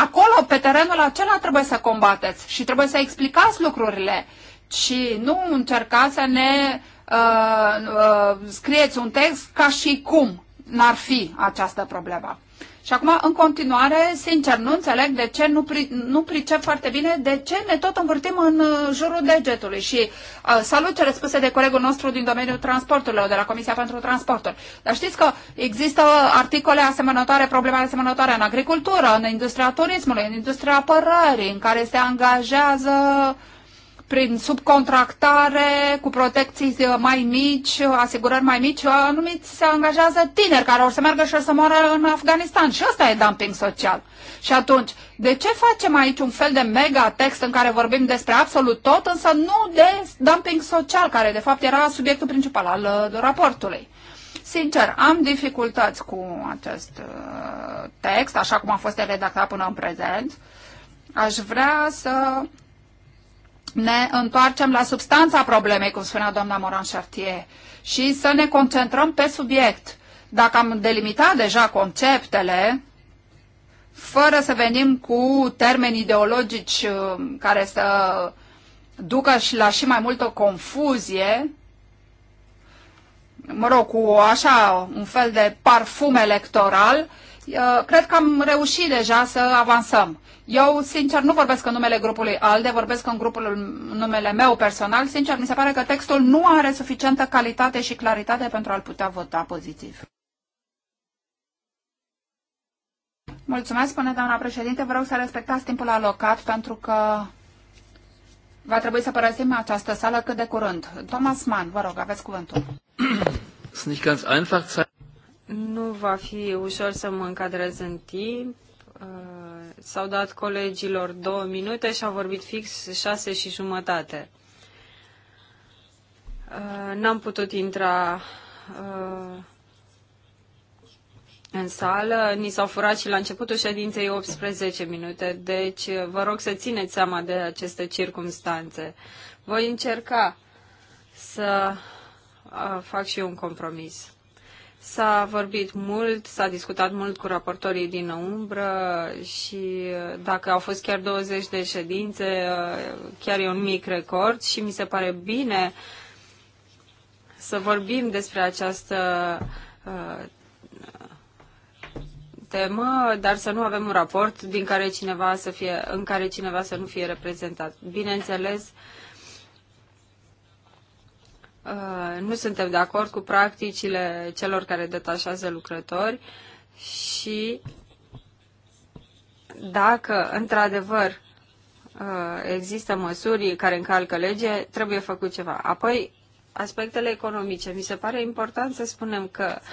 acolo, pe terenul acela, trebuie să combateți și trebuie să explicați lucrurile și nu încercați să ne uh, uh, scrieți un text ca și cum n-ar fi această problemă. Și acum, în continuare, sincer, nu înțeleg de ce nu, pri, nu pricep foarte bine de ce ne tot învârtim în uh, jurul degetului. Și uh, salut cele spuse de colegul nostru din domeniul transporturilor, de la Comisia pentru Transporturi. Dar știți că există articole asemănătoare, probleme asemănătoare în agricultură, în industria turismului, în industria apărării, în care se angajează uh, prin subcontractare, cu protecții uh, mai mici, uh, asigurări mai mici, uh, anumiți se angajează tineri care vor să meargă și să moară în Afganistan. Și asta e dumping social. Și atunci, de ce facem aici un fel de mega text în care vorbim despre absolut tot, însă nu de dumping social, care de fapt era subiectul principal al raportului? Sincer, am dificultăți cu acest text, așa cum a fost redactat până în prezent. Aș vrea să ne întoarcem la substanța problemei, cum spunea doamna Moran Chartier, și să ne concentrăm pe subiect. Dacă am delimitat deja conceptele, fără să venim cu termeni ideologici uh, care să ducă și la și mai multă confuzie, mă rog, cu așa un fel de parfum electoral, uh, Uh, cred că am reușit deja să avansăm. Eu, sincer, nu vorbesc în numele grupului ALDE, vorbesc în grupul numele meu personal. Sincer, mi se pare că textul nu are suficientă calitate și claritate pentru a-l putea vota pozitiv. Mulțumesc, spune doamna președinte. Vreau să respectați timpul alocat pentru că va trebui să părăsim această sală cât de curând. Thomas Mann, vă rog, aveți cuvântul. Nu va fi ușor să mă încadrez în timp. Uh, s-au dat colegilor două minute și au vorbit fix șase și jumătate. Uh, n-am putut intra uh, în sală. Ni s-au furat și la începutul ședinței 18 minute, deci vă rog să țineți seama de aceste circumstanțe. Voi încerca să fac și eu un compromis. S-a vorbit mult, s-a discutat mult cu raportorii din umbră și uh, dacă au fost chiar 20 de ședințe, uh, chiar e un mic record și mi se pare bine să vorbim despre această uh, temă, dar să nu avem un raport din care cineva să fie, în care cineva să nu fie reprezentat. Bineînțeles, uh, Uh, nu suntem de acord cu practicile celor care detașează lucrători și dacă într-adevăr uh, există măsuri care încalcă lege, trebuie făcut ceva. Apoi, aspectele economice. Mi se pare important să spunem că uh,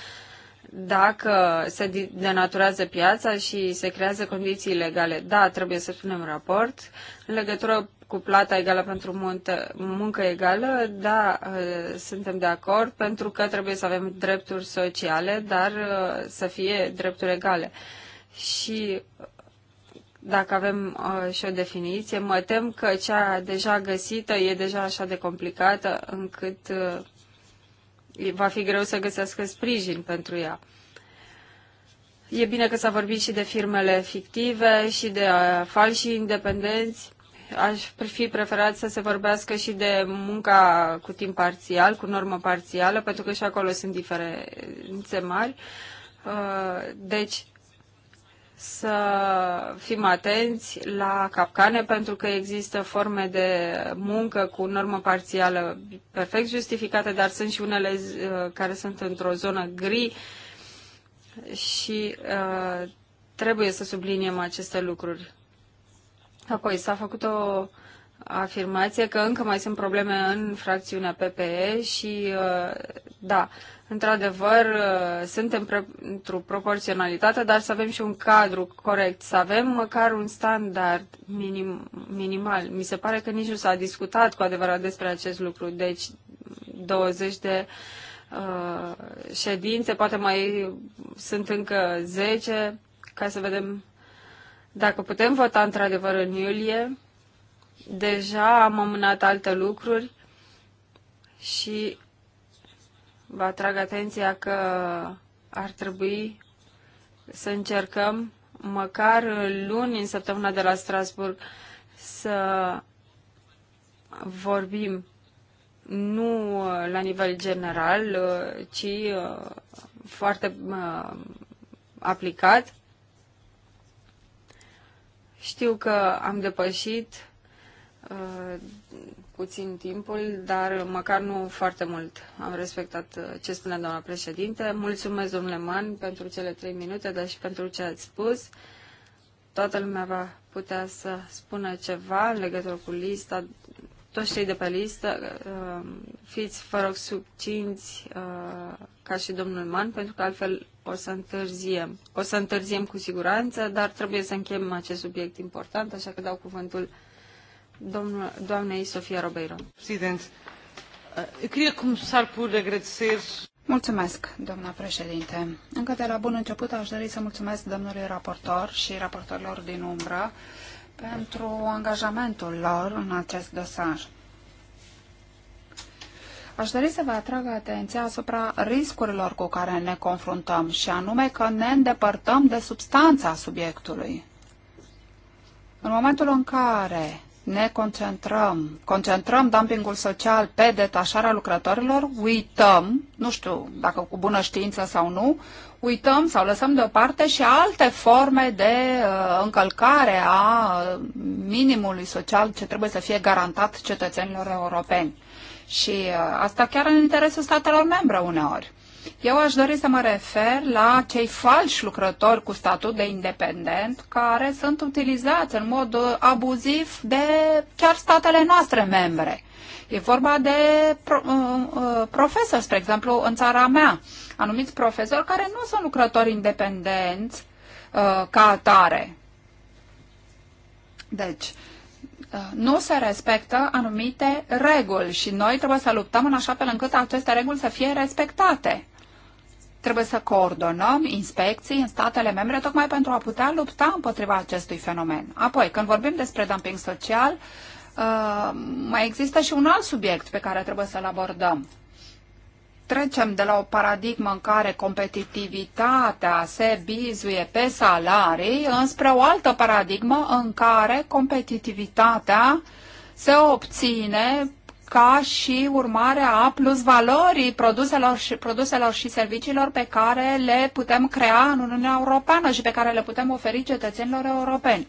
dacă se denaturează piața și se creează condiții legale. Da, trebuie să spunem raport. În legătură cu plata egală pentru muntă, muncă egală, da, uh, suntem de acord, pentru că trebuie să avem drepturi sociale, dar uh, să fie drepturi egale. Și uh, dacă avem și o definiție, mă tem că cea deja găsită e deja așa de complicată încât va fi greu să găsească sprijin pentru ea. E bine că s-a vorbit și de firmele fictive și de falși independenți. Aș fi preferat să se vorbească și de munca cu timp parțial, cu normă parțială, pentru că și acolo sunt diferențe mari. Uh, deci, să fim atenți la capcane pentru că există forme de muncă cu normă parțială perfect justificate, dar sunt și unele uh, care sunt într-o zonă gri și uh, trebuie să subliniem aceste lucruri. Apoi s-a făcut o afirmație că încă mai sunt probleme în fracțiunea PPE și, uh, da, într-adevăr, uh, suntem într-o proporționalitate, dar să avem și un cadru corect, să avem măcar un standard minim, minimal. Mi se pare că nici nu s-a discutat cu adevărat despre acest lucru, deci 20 de uh, ședințe, poate mai sunt încă 10, ca să vedem dacă putem vota într-adevăr în iulie deja am amânat alte lucruri și vă atrag atenția că ar trebui să încercăm măcar luni în săptămâna de la Strasburg să vorbim nu la nivel general, ci uh, foarte uh, aplicat. Știu că am depășit Uh, puțin timpul, dar măcar nu foarte mult. Am respectat uh, ce spunea doamna președinte. Mulțumesc, domnule Man, pentru cele trei minute, dar și pentru ce ați spus. Toată lumea va putea să spună ceva în legătură cu lista. Toți cei de pe listă, uh, fiți, vă rog, subcinți ca și domnul Man, pentru că altfel o să întârziem. O să întârziem cu siguranță, dar trebuie să încheiem acest subiect important, așa că dau cuvântul domnul, doamnei Sofia Robeiro. Eh, eu queria começar por agradecer Mulțumesc, doamna președinte. Încă de la bun început aș dori să mulțumesc domnului raportor și raportorilor din umbră pentru angajamentul lor în acest dosar. Aș dori să vă atrag atenția asupra riscurilor cu care ne confruntăm și anume că ne îndepărtăm de substanța subiectului. În momentul în care ne concentrăm, concentrăm dumpingul social pe detașarea lucrătorilor, uităm, nu știu dacă cu bună știință sau nu, uităm sau lăsăm deoparte și alte forme de uh, încălcare a uh, minimului social ce trebuie să fie garantat cetățenilor europeni. Și uh, asta chiar în interesul statelor membre uneori. Eu aș dori să mă refer la cei falși lucrători cu statut de independent care sunt utilizați în mod uh, abuziv de chiar statele noastre membre. E vorba de pro, uh, uh, profesori, spre exemplu, în țara mea, anumiți profesori care nu sunt lucrători independenți uh, ca atare. Deci, uh, Uh, nu se respectă anumite reguli și noi trebuie să luptăm în așa fel încât aceste reguli să fie respectate. Trebuie să coordonăm inspecții în statele membre tocmai pentru a putea lupta împotriva acestui fenomen. Apoi, când vorbim despre dumping social, uh, mai există și un alt subiect pe care trebuie să-l abordăm trecem de la o paradigmă în care competitivitatea se bizuie pe salarii înspre o altă paradigmă în care competitivitatea se obține ca și urmare a plus valorii produselor și, produselor și serviciilor pe care le putem crea în Uniunea Europeană și pe care le putem oferi cetățenilor europeni.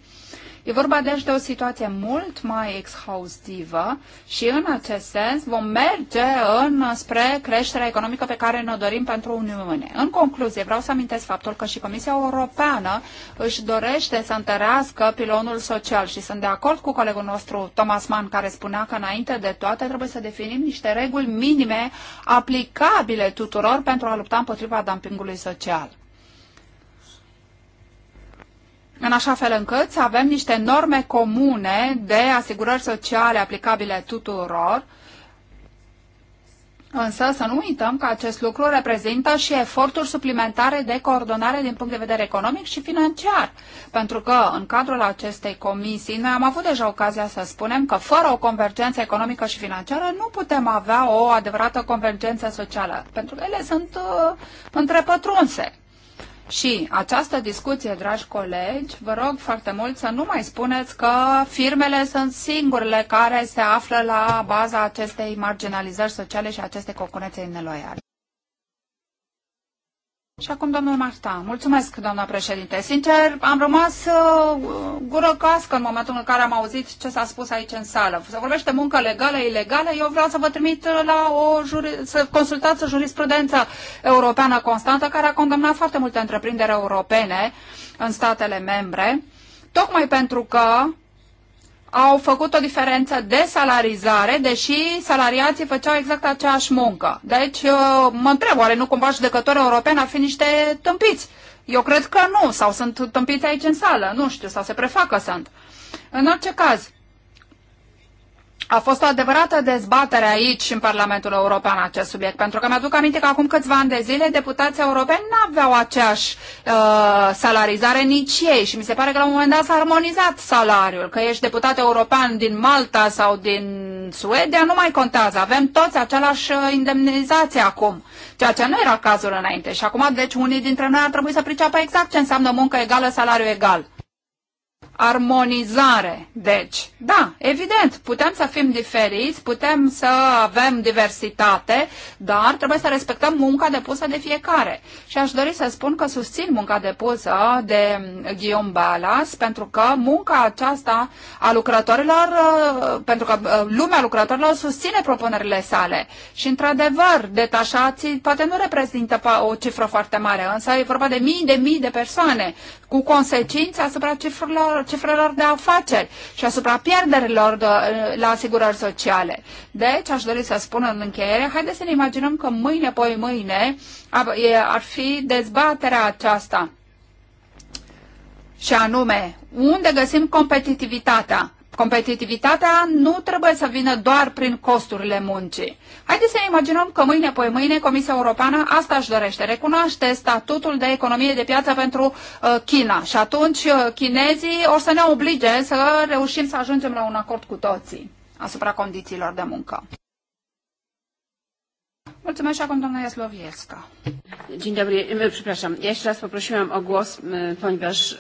E vorba deci de o situație mult mai exhaustivă și în acest sens vom merge în spre creșterea economică pe care ne-o dorim pentru Uniune. În concluzie, vreau să amintesc faptul că și Comisia Europeană își dorește să întărească pilonul social și sunt de acord cu colegul nostru Thomas Mann care spunea că înainte de toate trebuie să definim niște reguli minime aplicabile tuturor pentru a lupta împotriva dumpingului social în așa fel încât să avem niște norme comune de asigurări sociale aplicabile tuturor, însă să nu uităm că acest lucru reprezintă și eforturi suplimentare de coordonare din punct de vedere economic și financiar, pentru că în cadrul acestei comisii noi am avut deja ocazia să spunem că fără o convergență economică și financiară nu putem avea o adevărată convergență socială, pentru că ele sunt uh, întrepătrunse. Și această discuție, dragi colegi, vă rog foarte mult să nu mai spuneți că firmele sunt singurele care se află la baza acestei marginalizări sociale și acestei concurențe neloiale. Și acum domnul Marta. Mulțumesc, doamna președinte. Sincer, am rămas uh, gură cască în momentul în care am auzit ce s-a spus aici în sală. Se vorbește muncă legală, ilegală. Eu vreau să vă trimit la o juri... să consultați jurisprudența europeană constantă care a condamnat foarte multe întreprinderi europene în statele membre, tocmai pentru că au făcut o diferență de salarizare, deși salariații făceau exact aceeași muncă. Deci mă întreb, oare nu cumva judecătorii europeni ar fi niște tâmpiți? Eu cred că nu, sau sunt tâmpiți aici în sală, nu știu, sau se prefacă sunt. În orice caz, a fost o adevărată dezbatere aici în Parlamentul European acest subiect, pentru că mi-aduc aminte că acum câțiva ani de zile deputații europeni nu aveau aceeași uh, salarizare nici ei și mi se pare că la un moment dat s-a armonizat salariul, că ești deputat european din Malta sau din Suedia, nu mai contează, avem toți același uh, indemnizație acum, ceea ce nu era cazul înainte și acum deci unii dintre noi ar trebui să priceapă exact ce înseamnă muncă egală, salariu egal armonizare. Deci, da, evident, putem să fim diferiți, putem să avem diversitate, dar trebuie să respectăm munca depusă de fiecare. Și aș dori să spun că susțin munca depusă de Guillaume Balas, pentru că munca aceasta a lucrătorilor, uh, pentru că uh, lumea lucrătorilor susține propunerile sale. Și, într-adevăr, detașații poate nu reprezintă o cifră foarte mare, însă e vorba de mii de mii de persoane cu consecințe asupra cifrelor, cifrelor de afaceri și asupra pierderilor de, la asigurări sociale. Deci, aș dori să spun în încheiere, haideți să ne imaginăm că mâine, poi mâine, ar fi dezbaterea aceasta. Și anume, unde găsim competitivitatea? Competitivitatea nu trebuie să vină doar prin costurile muncii. Haideți să ne imaginăm că mâine, poi mâine, Comisia Europeană asta își dorește. Recunoaște statutul de economie de piață pentru uh, China și atunci uh, chinezii o să ne oblige să reușim să ajungem la un acord cu toții asupra condițiilor de muncă. Mulțumesc și acum doamna Jasłowiecka. Dzień dobry, przepraszam. Ja jeszcze raz poprosiłam o głos, ponieważ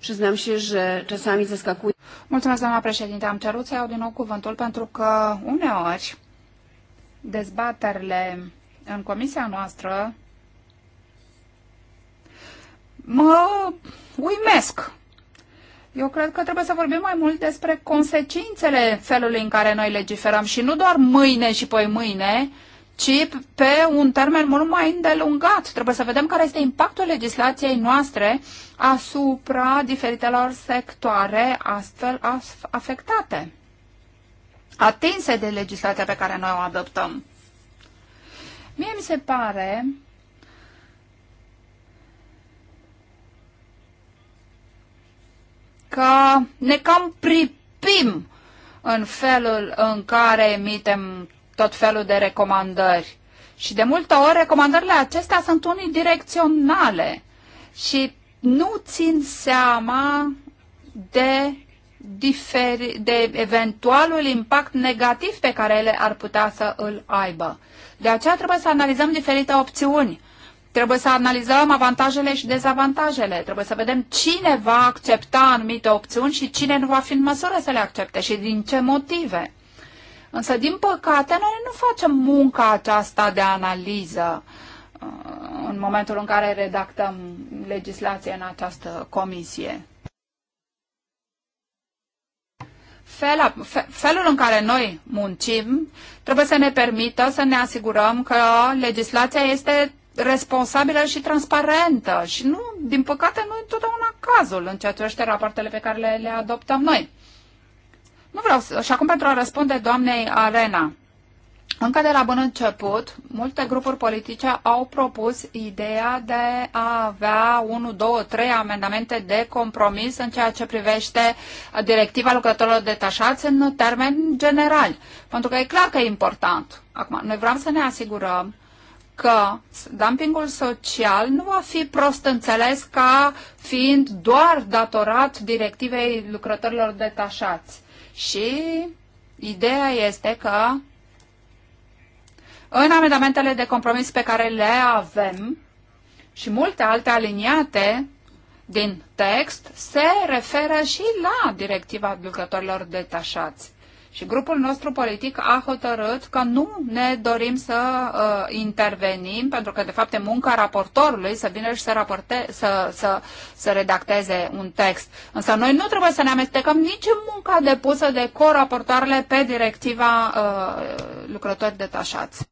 przyznam się, że czasami zaskakuje Mulțumesc, doamna președinte. Am cerut să iau din nou cuvântul pentru că uneori dezbaterile în comisia noastră mă uimesc. Eu cred că trebuie să vorbim mai mult despre consecințele felului în care noi legiferăm și nu doar mâine și poi mâine, uh, ci pe un termen mult mai îndelungat. Trebuie să vedem care este impactul legislației noastre asupra diferitelor sectoare astfel afectate, atinse de legislația pe care noi o adoptăm. Mie mi se pare că ne cam pripim în felul în care emitem tot felul de recomandări. Și de multe ori recomandările acestea sunt unidirecționale și nu țin seama de, diferi, de eventualul impact negativ pe care ele ar putea să îl aibă. De aceea trebuie să analizăm diferite opțiuni. Trebuie să analizăm avantajele și dezavantajele. Trebuie să vedem cine va accepta anumite opțiuni și cine nu va fi în măsură să le accepte și din ce motive. Însă, din păcate, noi nu facem munca aceasta de analiză uh, în momentul în care redactăm legislația în această comisie. Fela, fe, felul în care noi muncim trebuie să ne permită să ne asigurăm că legislația este responsabilă și transparentă și nu, din păcate, nu întotdeauna cazul în ceea ce rapoartele pe care le, le adoptăm noi. Nu vreau să... Și acum pentru a răspunde doamnei Arena. Încă de la bun început, multe grupuri politice au propus ideea de a avea 1, 2, 3 amendamente de compromis în ceea ce privește directiva lucrătorilor detașați în termeni generali. Pentru că e clar că e important. Acum, noi vrem să ne asigurăm că dumpingul social nu va fi prost înțeles ca fiind doar datorat directivei lucrătorilor detașați și ideea este că în amendamentele de compromis pe care le avem și multe alte aliniate din text se referă și la directiva lucrătorilor detașați. Și grupul nostru politic a hotărât că nu ne dorim să uh, intervenim, pentru că, de fapt, e munca raportorului să vină și să, raporte, să, să, să redacteze un text. Însă noi nu trebuie să ne amestecăm nici în munca depusă de coraportoarele pe directiva uh, lucrători detașați.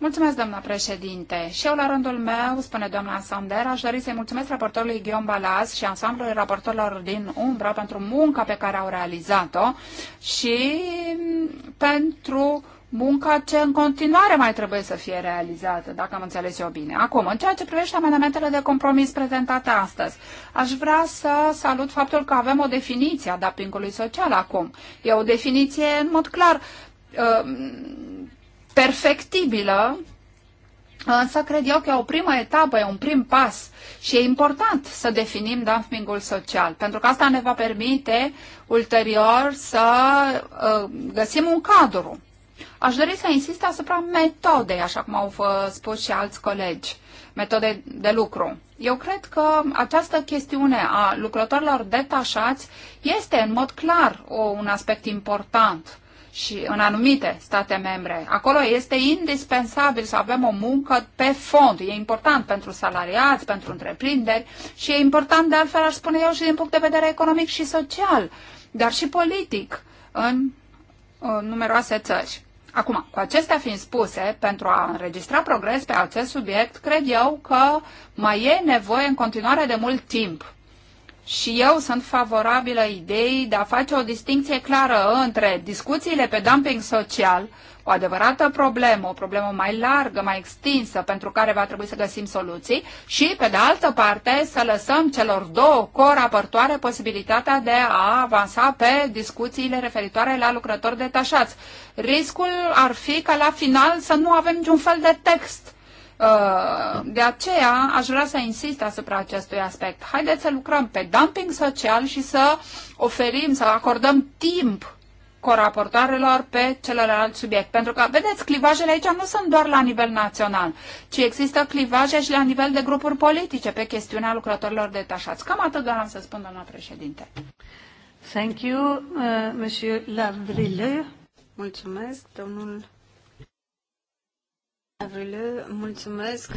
Mulțumesc, doamna președinte. Și eu, la rândul meu, spune doamna Sander, aș dori să-i mulțumesc raportorului Ghion Balaz și ansamblului raportorilor din Umbra pentru munca pe care au realizat-o și pentru munca ce în continuare mai trebuie să fie realizată, dacă am înțeles eu bine. Acum, în ceea ce privește amendamentele de compromis prezentate astăzi, aș vrea să salut faptul că avem o definiție a dumpingului social acum. E o definiție, în mod clar, uh, perfectibilă, însă cred eu că e o primă etapă, e un prim pas și e important să definim dumpingul social, pentru că asta ne va permite ulterior să uh, găsim un cadru. Aș dori să insist asupra metodei, așa cum au spus și alți colegi, metode de lucru. Eu cred că această chestiune a lucrătorilor detașați este în mod clar un aspect important și în anumite state membre. Acolo este indispensabil să avem o muncă pe fond. E important pentru salariați, pentru întreprinderi și e important, de altfel, aș spune eu, și din punct de vedere economic și social, dar și politic în, în numeroase țări. Acum, cu acestea fiind spuse, pentru a înregistra progres pe acest subiect, cred eu că mai e nevoie în continuare de mult timp și eu sunt favorabilă ideii de a face o distinție clară între discuțiile pe dumping social, o adevărată problemă, o problemă mai largă, mai extinsă, pentru care va trebui să găsim soluții, și, pe de altă parte, să lăsăm celor două corapărtoare posibilitatea de a avansa pe discuțiile referitoare la lucrători detașați. Riscul ar fi ca la final să nu avem niciun fel de text Uh, de aceea aș vrea să insist asupra acestui aspect. Haideți să lucrăm pe dumping social și să oferim, să acordăm timp coraportoarelor pe celălalt subiect. Pentru că, vedeți, clivajele aici nu sunt doar la nivel național, ci există clivaje și la nivel de grupuri politice pe chestiunea lucrătorilor detașați. Cam atât doar am să spun, doamna președinte. Thank you, uh, Monsieur Lavrille. Mulțumesc, domnul Avrile, mulțumesc,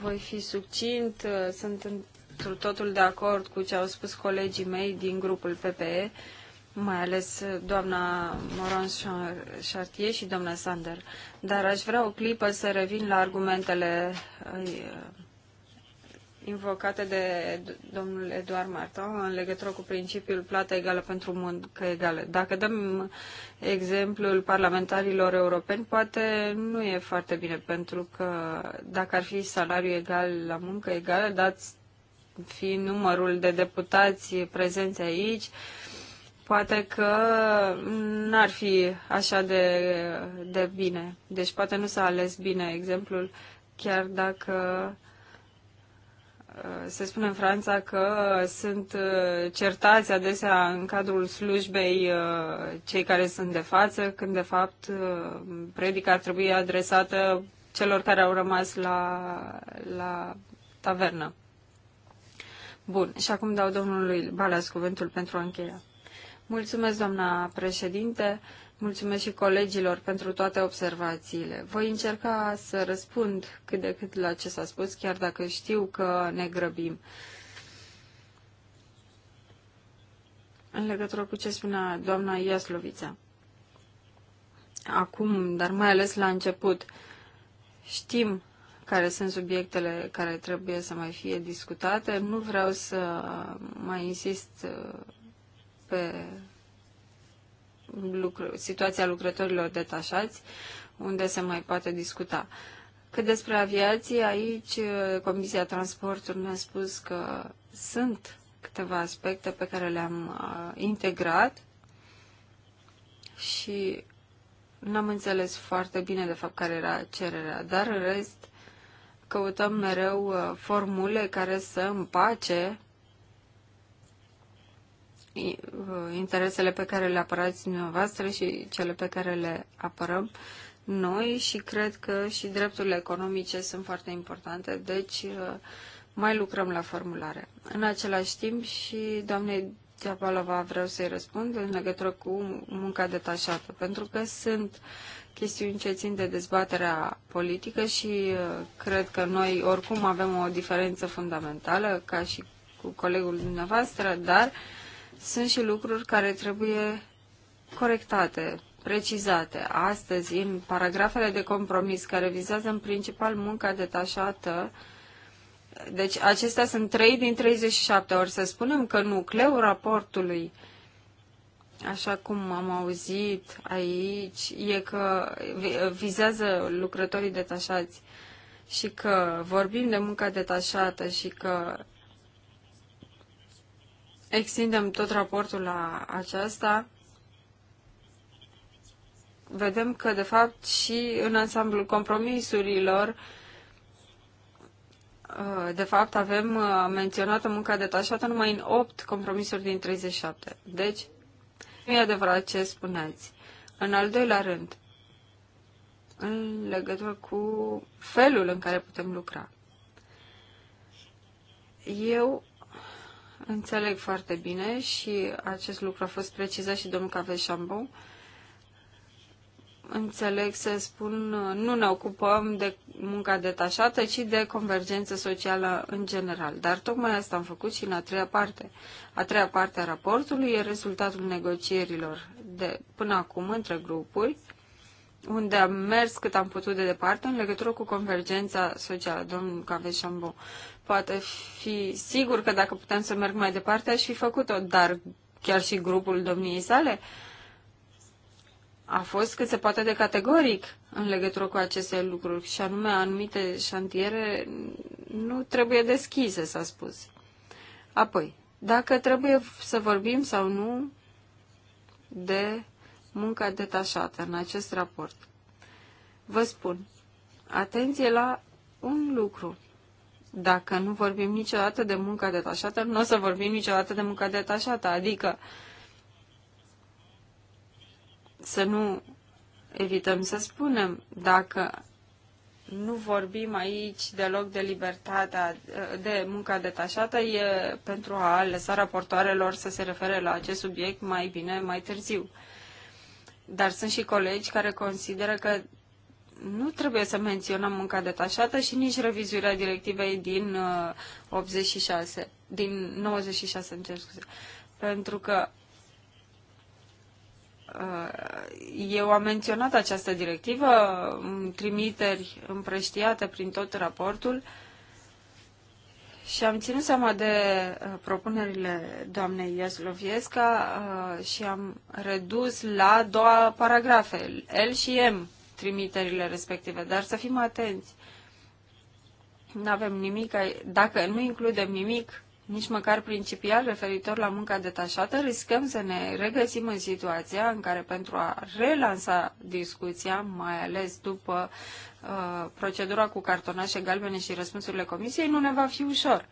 voi fi succint, sunt într totul de acord cu ce au spus colegii mei din grupul PPE, mai ales doamna Moran Chartier și doamna Sander. Dar aș vrea o clipă să revin la argumentele invocate de domnul Eduard Marta în legătură cu principiul plată egală pentru muncă egală. Dacă dăm exemplul parlamentarilor europeni, poate nu e foarte bine, pentru că dacă ar fi salariu egal la muncă egală, dați fi numărul de deputați prezenți aici, poate că n-ar fi așa de, de bine. Deci poate nu s-a ales bine exemplul, chiar dacă se spune în Franța că sunt uh, certați adesea în cadrul slujbei uh, cei care sunt de față, când de fapt uh, predica ar trebui adresată celor care au rămas la, la tavernă. Bun, și acum dau domnului Balas cuvântul pentru a încheia. Mulțumesc, doamna președinte. Mulțumesc și colegilor pentru toate observațiile. Voi încerca să răspund cât de cât la ce s-a spus, chiar dacă știu că ne grăbim. În legătură cu ce spunea doamna Iaslovița. Acum, dar mai ales la început, știm care sunt subiectele care trebuie să mai fie discutate. Nu vreau să mai insist uh, pe lucru, situația lucrătorilor detașați, unde se mai poate discuta. Cât despre aviație, aici uh, Comisia Transportului ne-a spus că sunt câteva aspecte pe care le-am uh, integrat și n-am înțeles foarte bine de fapt care era cererea, dar în rest căutăm mereu uh, formule care să împace Uh, interesele pe care le apărați dumneavoastră și cele pe care le apărăm noi și cred că și drepturile economice sunt foarte importante, deci uh, mai lucrăm la formulare. În același timp și doamnei Diabalova vreau să-i răspund în legătură cu munca detașată, pentru că sunt chestiuni ce țin de dezbaterea politică și uh, cred că noi oricum avem o diferență fundamentală, ca și cu colegul dumneavoastră, dar uh, sunt și lucruri care trebuie corectate, precizate. Astăzi, în paragrafele de compromis care vizează în principal munca detașată, deci acestea sunt 3 din 37, ori să spunem că nucleul raportului, așa cum am auzit aici, e că vizează lucrătorii detașați și că vorbim de munca detașată și că extindem tot raportul la aceasta, vedem că, de fapt, și în ansamblul compromisurilor, uh, de fapt, avem uh, menționată munca detașată numai în 8 compromisuri din 37. Deci, nu e adevărat ce spuneați. În al doilea rând, în legătură cu felul în care putem lucra. Eu Înțeleg foarte bine și acest lucru a fost precizat și domnul Caveșambon. Înțeleg să spun, nu ne ocupăm de munca detașată, ci de convergență socială în general. Dar tocmai asta am făcut și în a treia parte. A treia parte a raportului e rezultatul negocierilor de până acum între grupuri, unde am mers cât am putut de departe în legătură cu convergența socială, domnul Caveșambon poate fi sigur că dacă puteam să merg mai departe, aș fi făcut-o, dar chiar și grupul domniei sale a fost cât se poate de categoric în legătură cu aceste lucruri și anume anumite șantiere nu trebuie deschise, s-a spus. Apoi, dacă trebuie să vorbim sau nu de munca detașată în acest raport. Vă spun, atenție la un lucru. Dacă nu vorbim niciodată de munca detașată, nu o să vorbim niciodată de munca detașată, adică să nu evităm să spunem dacă nu vorbim aici deloc de libertatea de munca detașată, e pentru a lăsa raportoarelor să se refere la acest subiect mai bine, mai târziu. Dar sunt și colegi care consideră că nu trebuie să menționăm munca detașată și nici revizuirea directivei din 86, uh, din 96, îmi cer scuze. Pentru că uh, eu am menționat această directivă, trimiteri împrăștiate prin tot raportul și am ținut seama de uh, propunerile doamnei Iasloviesca și am redus la două paragrafe, L și M, trimiterile respective, dar să fim atenți. Nu avem nimic, dacă nu includem nimic, nici măcar principial referitor la munca detașată, riscăm să ne regăsim în situația în care pentru a relansa discuția, mai ales după uh, procedura cu cartonașe galbene și răspunsurile comisiei, nu ne va fi ușor.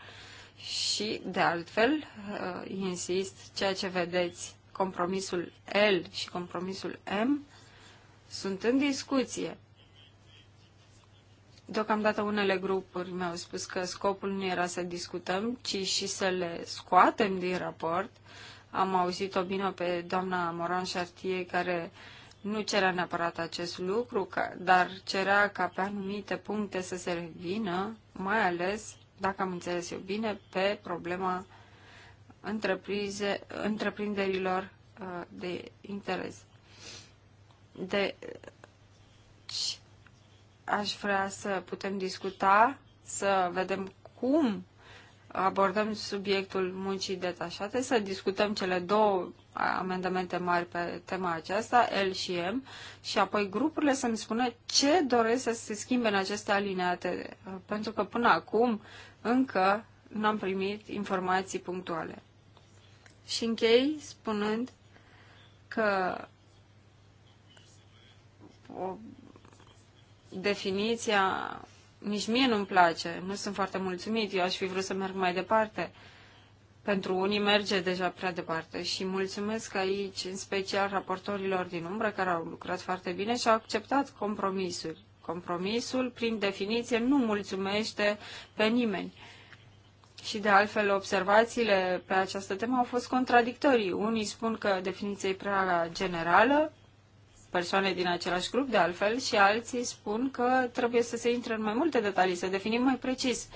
Și, de altfel, uh, insist, ceea ce vedeți, compromisul L și compromisul M, sunt în discuție. Deocamdată unele grupuri mi-au spus că scopul nu era să discutăm, ci și să le scoatem din raport. Am auzit o bine pe doamna Moran Chartier care nu cerea neapărat acest lucru, dar cerea ca pe anumite puncte să se revină, mai ales, dacă am înțeles eu bine, pe problema întreprinderilor uh, de interes deci, aș vrea să putem discuta, să vedem cum abordăm subiectul muncii detașate, să discutăm cele două amendamente mari pe tema aceasta, L și M, și apoi grupurile să-mi spună ce doresc să se schimbe în aceste alineate, pentru că până acum încă n-am primit informații punctuale. Și închei spunând că o definiția nici mie nu-mi place, nu sunt foarte mulțumit, eu aș fi vrut să merg mai departe. Pentru unii merge deja prea departe și mulțumesc aici, în special raportorilor din umbră, care au lucrat foarte bine și au acceptat compromisul. Compromisul, prin definiție, nu mulțumește pe nimeni. Și de altfel, observațiile pe această temă au fost contradictorii. Unii spun că definiția e prea generală, persoane din același grup, de altfel, și alții spun că trebuie să se intre în mai multe detalii, să definim mai precis.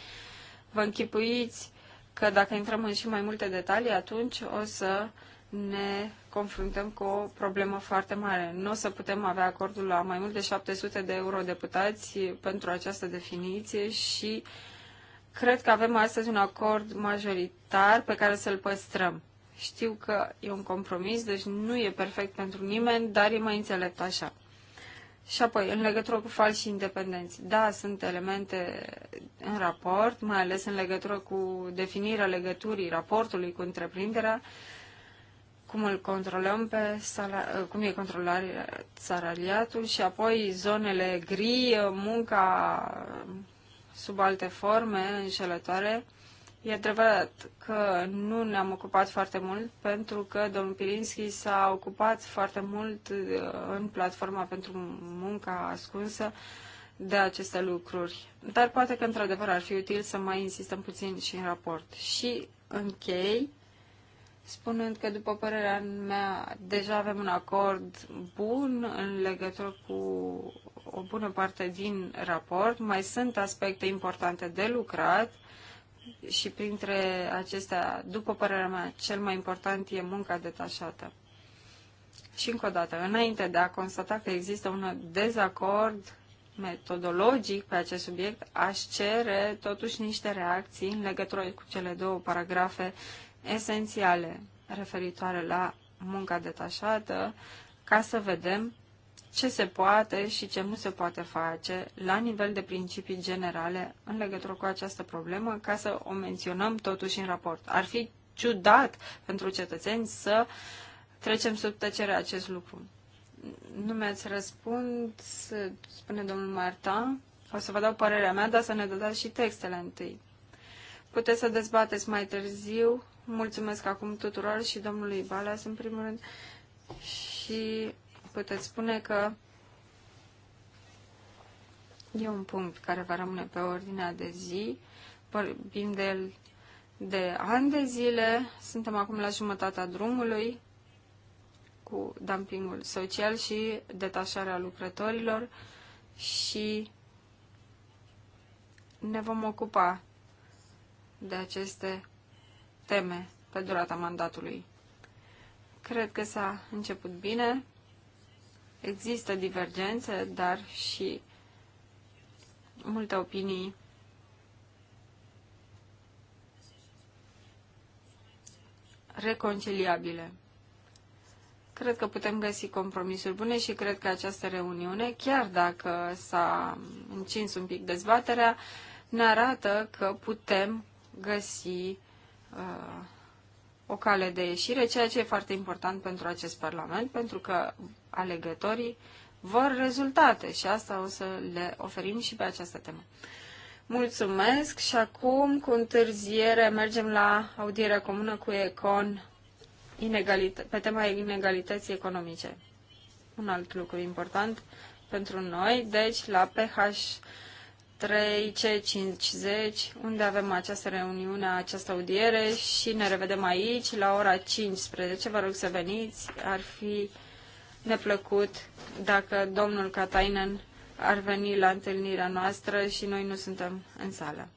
Vă închipuiți că dacă intrăm în și mai multe detalii, atunci o să ne confruntăm cu o problemă foarte mare. Nu o să putem avea acordul la mai mult de 700 de eurodeputați pentru această definiție și cred că avem astăzi un acord majoritar pe care să-l păstrăm. Știu că e un compromis, deci nu e perfect pentru nimeni, dar e mai înțelept așa. Și apoi, în legătură cu falși și independenți. Da, sunt elemente în raport, mai ales în legătură cu definirea legăturii raportului cu întreprinderea, cum îl controlăm pe salar, cum e controlarea salariatul și apoi zonele gri, munca sub alte forme înșelătoare. E adevărat că nu ne-am ocupat foarte mult pentru că domnul Pirinski s-a ocupat foarte mult uh, în platforma pentru munca ascunsă de aceste lucruri. Dar poate că într-adevăr ar fi util să mai insistăm puțin și în raport. Și închei spunând că, după părerea mea, deja avem un acord bun în legătură cu o bună parte din raport. Mai sunt aspecte importante de lucrat, și printre acestea, după părerea mea, cel mai important e munca detașată. Și încă o dată, înainte de a constata că există un dezacord metodologic pe acest subiect, aș cere totuși niște reacții în legătură cu cele două paragrafe esențiale referitoare la munca detașată, ca să vedem ce se poate și ce nu se poate face la nivel de principii generale în legătură cu această problemă ca să o menționăm totuși în raport. Ar fi ciudat pentru cetățeni să trecem sub tăcere acest lucru. Nu mi-ați răspund, spune domnul Marta. O să vă dau părerea mea, dar să ne dădați și textele întâi. Puteți să dezbateți mai târziu. Mulțumesc acum tuturor și domnului Balas, în primul rând, și puteți spune că e un punct care va rămâne pe ordinea de zi. Vorbim de el de ani de zile. Suntem acum la jumătatea drumului cu dumpingul social și detașarea lucrătorilor și ne vom ocupa de aceste teme pe durata mandatului. Cred că s-a început bine. Există divergențe, dar și multe opinii reconciliabile. Cred că putem găsi compromisuri bune și cred că această reuniune, chiar dacă s-a încins un pic dezbaterea, ne arată că putem găsi uh, o cale de ieșire, ceea ce e foarte important pentru acest Parlament, pentru că alegătorii vor rezultate și asta o să le oferim și pe această temă. Mulțumesc și acum, cu întârziere, mergem la audierea comună cu Econ pe tema inegalității economice. Un alt lucru important pentru noi, deci la PH 3C50, unde avem această reuniune, această audiere și ne revedem aici la ora 15. Vă rog să veniți, ar fi neplăcut dacă domnul Katainen ar veni la întâlnirea noastră și noi nu suntem în sală.